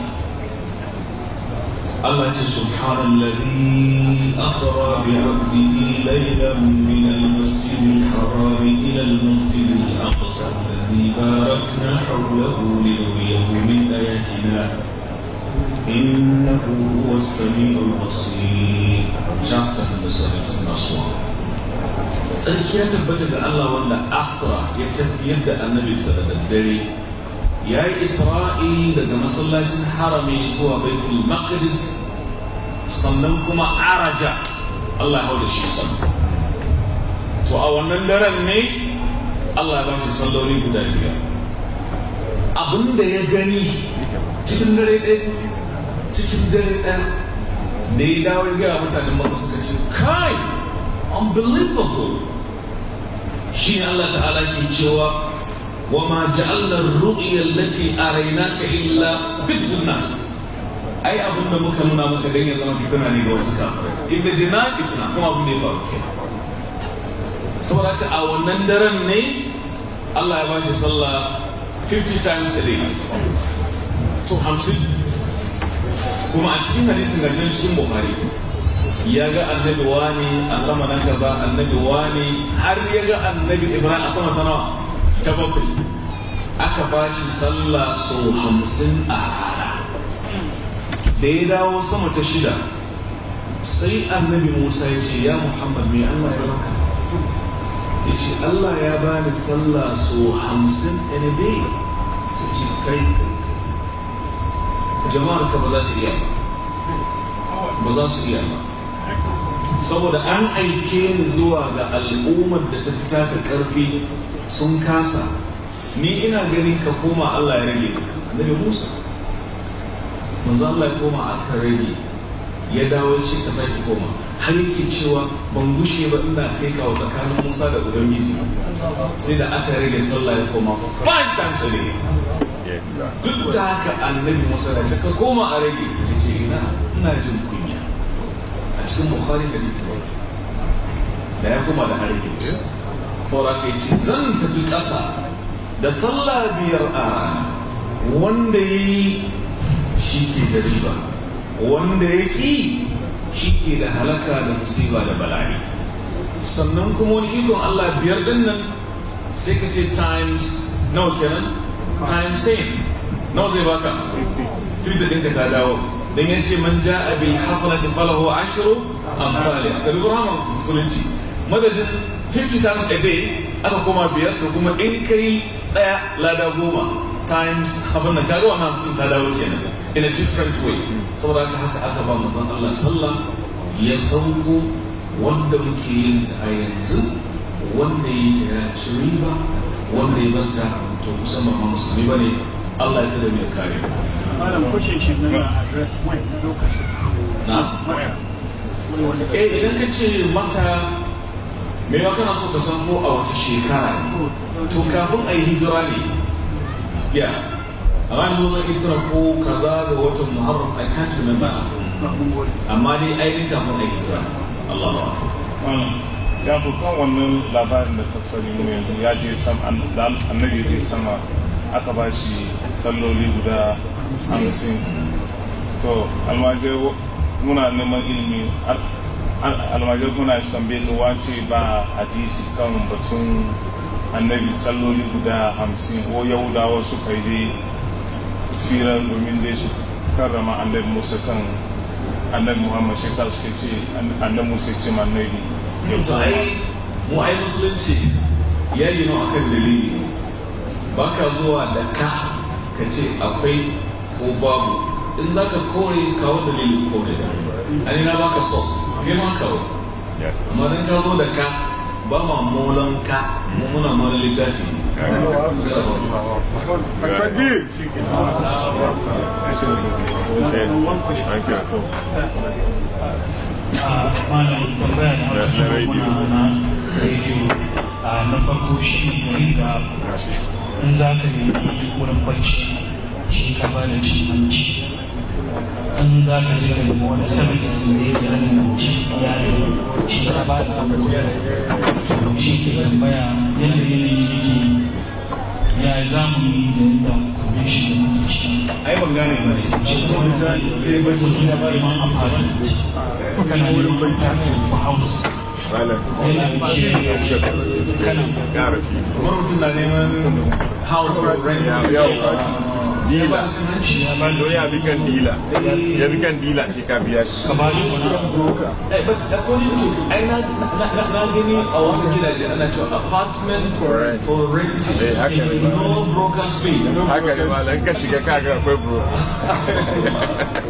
أمت سبحان الذي أسرى بعبده ليلا من المسجد الحرام إلى المسجد الأقصى الذي باركنا حوله لنريه من آياتنا إنه هو السميع البصير رجعت من سورة الأصوات sarki ya tabbata da Allah wanda asra ya tafiyar da annabi sa da ya yi isra'i daga masallacin harami zuwa baitul maqdis sannan kuma araja Allah hau shi sama to a wannan daren ne Allah ba shi salloli guda biyar Abin da ya gani cikin dare ɗaya cikin dare ɗaya da ya dawo ya gaya mutanen ba suka ce kai unbelievable shi ne Allah ta'ala ke cewa وما جعلنا الرؤيا التي أريناك إلا فتن الناس أي zama مكة نونا مكة دنيا زمان كتنا لي وسكا إن جنا كتنا كما أبن يبقى saboda haka a wannan daren ne Allah ya bashi sallah 50 times a day so hamsin. kuma a cikin hadisin gajiyar cikin buhari ya ga annabi wani a sama na kaza annabi wani har ya ga annabi ibrahim a sama ta ta bakwai aka ba shi sallah sau hamsin a rana da ya dawo sama ta shida sai annabi musa ya ce ya muhammad mai allah ya baka ya ce allah ya ba ni sallah sau hamsin a ne su ce kai kai jama'ar ka ba za ta iya ba ba za su iya ba saboda an aike ni zuwa ga al'ummar da ta fita ka karfi sun kasa ni ina gani ka koma Allah ya rage annabi Musa manzo Allah ya koma aka rage ya dawo ce ka sake koma har yake cewa ban gushe ba ina kai kawo tsakanin Musa da Ubangiji sai da aka rage sallah ya koma five times a day duk da haka annabi Musa da ka koma a rage sai ce ina ina jin kuwa cikin bukhari da kuma da ya kuma da harbi saura ke ce zan tafi ƙasa da sallah biyar a wanda ya yi shi ke da riba wanda ya ƙi shi ke da halaka da musiba da bala'i sannan kuma wani ikon allah biyar din nan sai ka ce times nawa kenan times 10 nawa zai baka 50 ɗinka ta dawo dan ya ce man ja'a bil hasanati falahu ashru amsalha da ramar musulunci madadin 50 times a day aka koma biyar to kuma in kai daya lada goma times abin da kaga wannan hamsin ta dawo kenan in a different way saboda haka haka aka ba manzon Allah sallah ya sauko wanda muke yin ta a yanzu wanda ya ta ya ci riba wanda ya banta to kusan ba musulmi bane Allah ya fi da mai kare malam kushin shi na address when lokacin na waya. eh idan ka ce mata me ba kana so ka san ko a wata shekara to kafin a yi hijira ne ya amma yanzu zan hijira ko kaza ga watan muharram i can't remember amma dai ainihin kafin a yi hijira Allah ba ya kan wannan labarin da ta kafari mu yanzu ya je sam annabi ya je sama aka ba shi salloli guda hamsin to almajir muna neman ilimi almajir muna tambayar wace ba hadisi kan batun annabi salloli guda hamsin ko yahudawa suka yi firar domin dai su karrama annabi musa kan annabi muhammad shi sa suke ce annabi musa ce annabi mu ai musulunci ya yi kan dalili ba ka zuwa da ka ka ce akwai ko babu in za ka kore kawo dalilin kore da ani na baka sos kai ma kawo amma don ka zo da ka ba ma molan ka mu muna mara littafi malam tambaya da hausa na rediyo na farko shi ne da in za ka yi wurin bacci shi ka ba da cin hanci in za ka je ka nemi wani services ne da yake hannun ci ya yi shi ka ba da abu shi ke tambaya yadda yanayi yake ya zamani da yadda kuma shi da ai ban gane ba shi kuma wani zai zai bai su ya bai man amfani kana wurin bai ta ko hausa kana garasi mutum na neman house rent dila don ya bi kan dila ya bi kan dila shi ka biya shi kamar shi but according to ai na gani a wasu gidaje ana cewa apartment for for rent no broker space haka ne malam ka shiga kaga akwai broker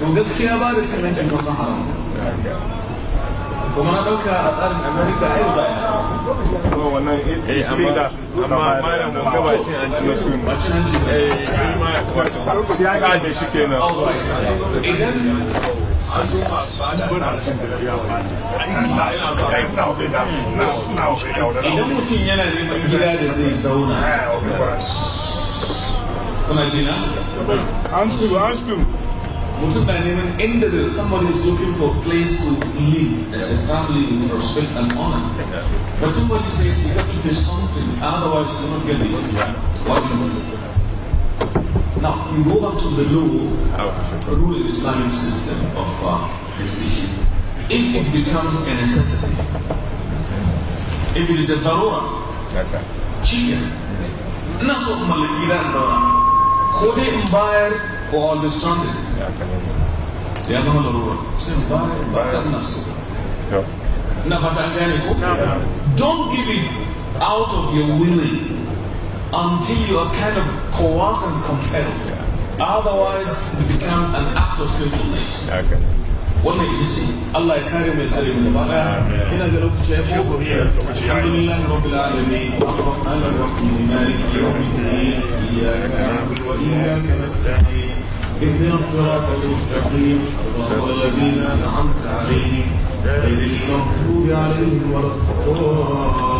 to gaskiya ba da cin hancin wasu haram kuma na dauka a tsarin america eh, eh, an idan mutum yana neman gida da zai zauna eh, kuna jina an su an su What's the name? In the somebody is looking for a place to live as a family with respect and honor. But somebody says you have to pay something, otherwise you do not get it. What do you Now, if you go back to the law, rule of Islamic system of uh, this issue, if it becomes a necessity, if it is a darura, chicken, nasu that's what zaura, ko all this it don't give it out of your willing until you are kind of coerced and compelled otherwise it becomes an act of sinfulness okay. wannan ita ce Allah ya kare mai tsare mu gaba daya ina ga lokaci ya ko alhamdulillahi rabbil alamin wa rahmanir rahim maliki yawmiddin iyyaka na'budu wa iyyaka nasta'in اهدنا الصراط المستقيم صراط الذين انعمت عليهم غير المغضوب عليهم ولا الضالين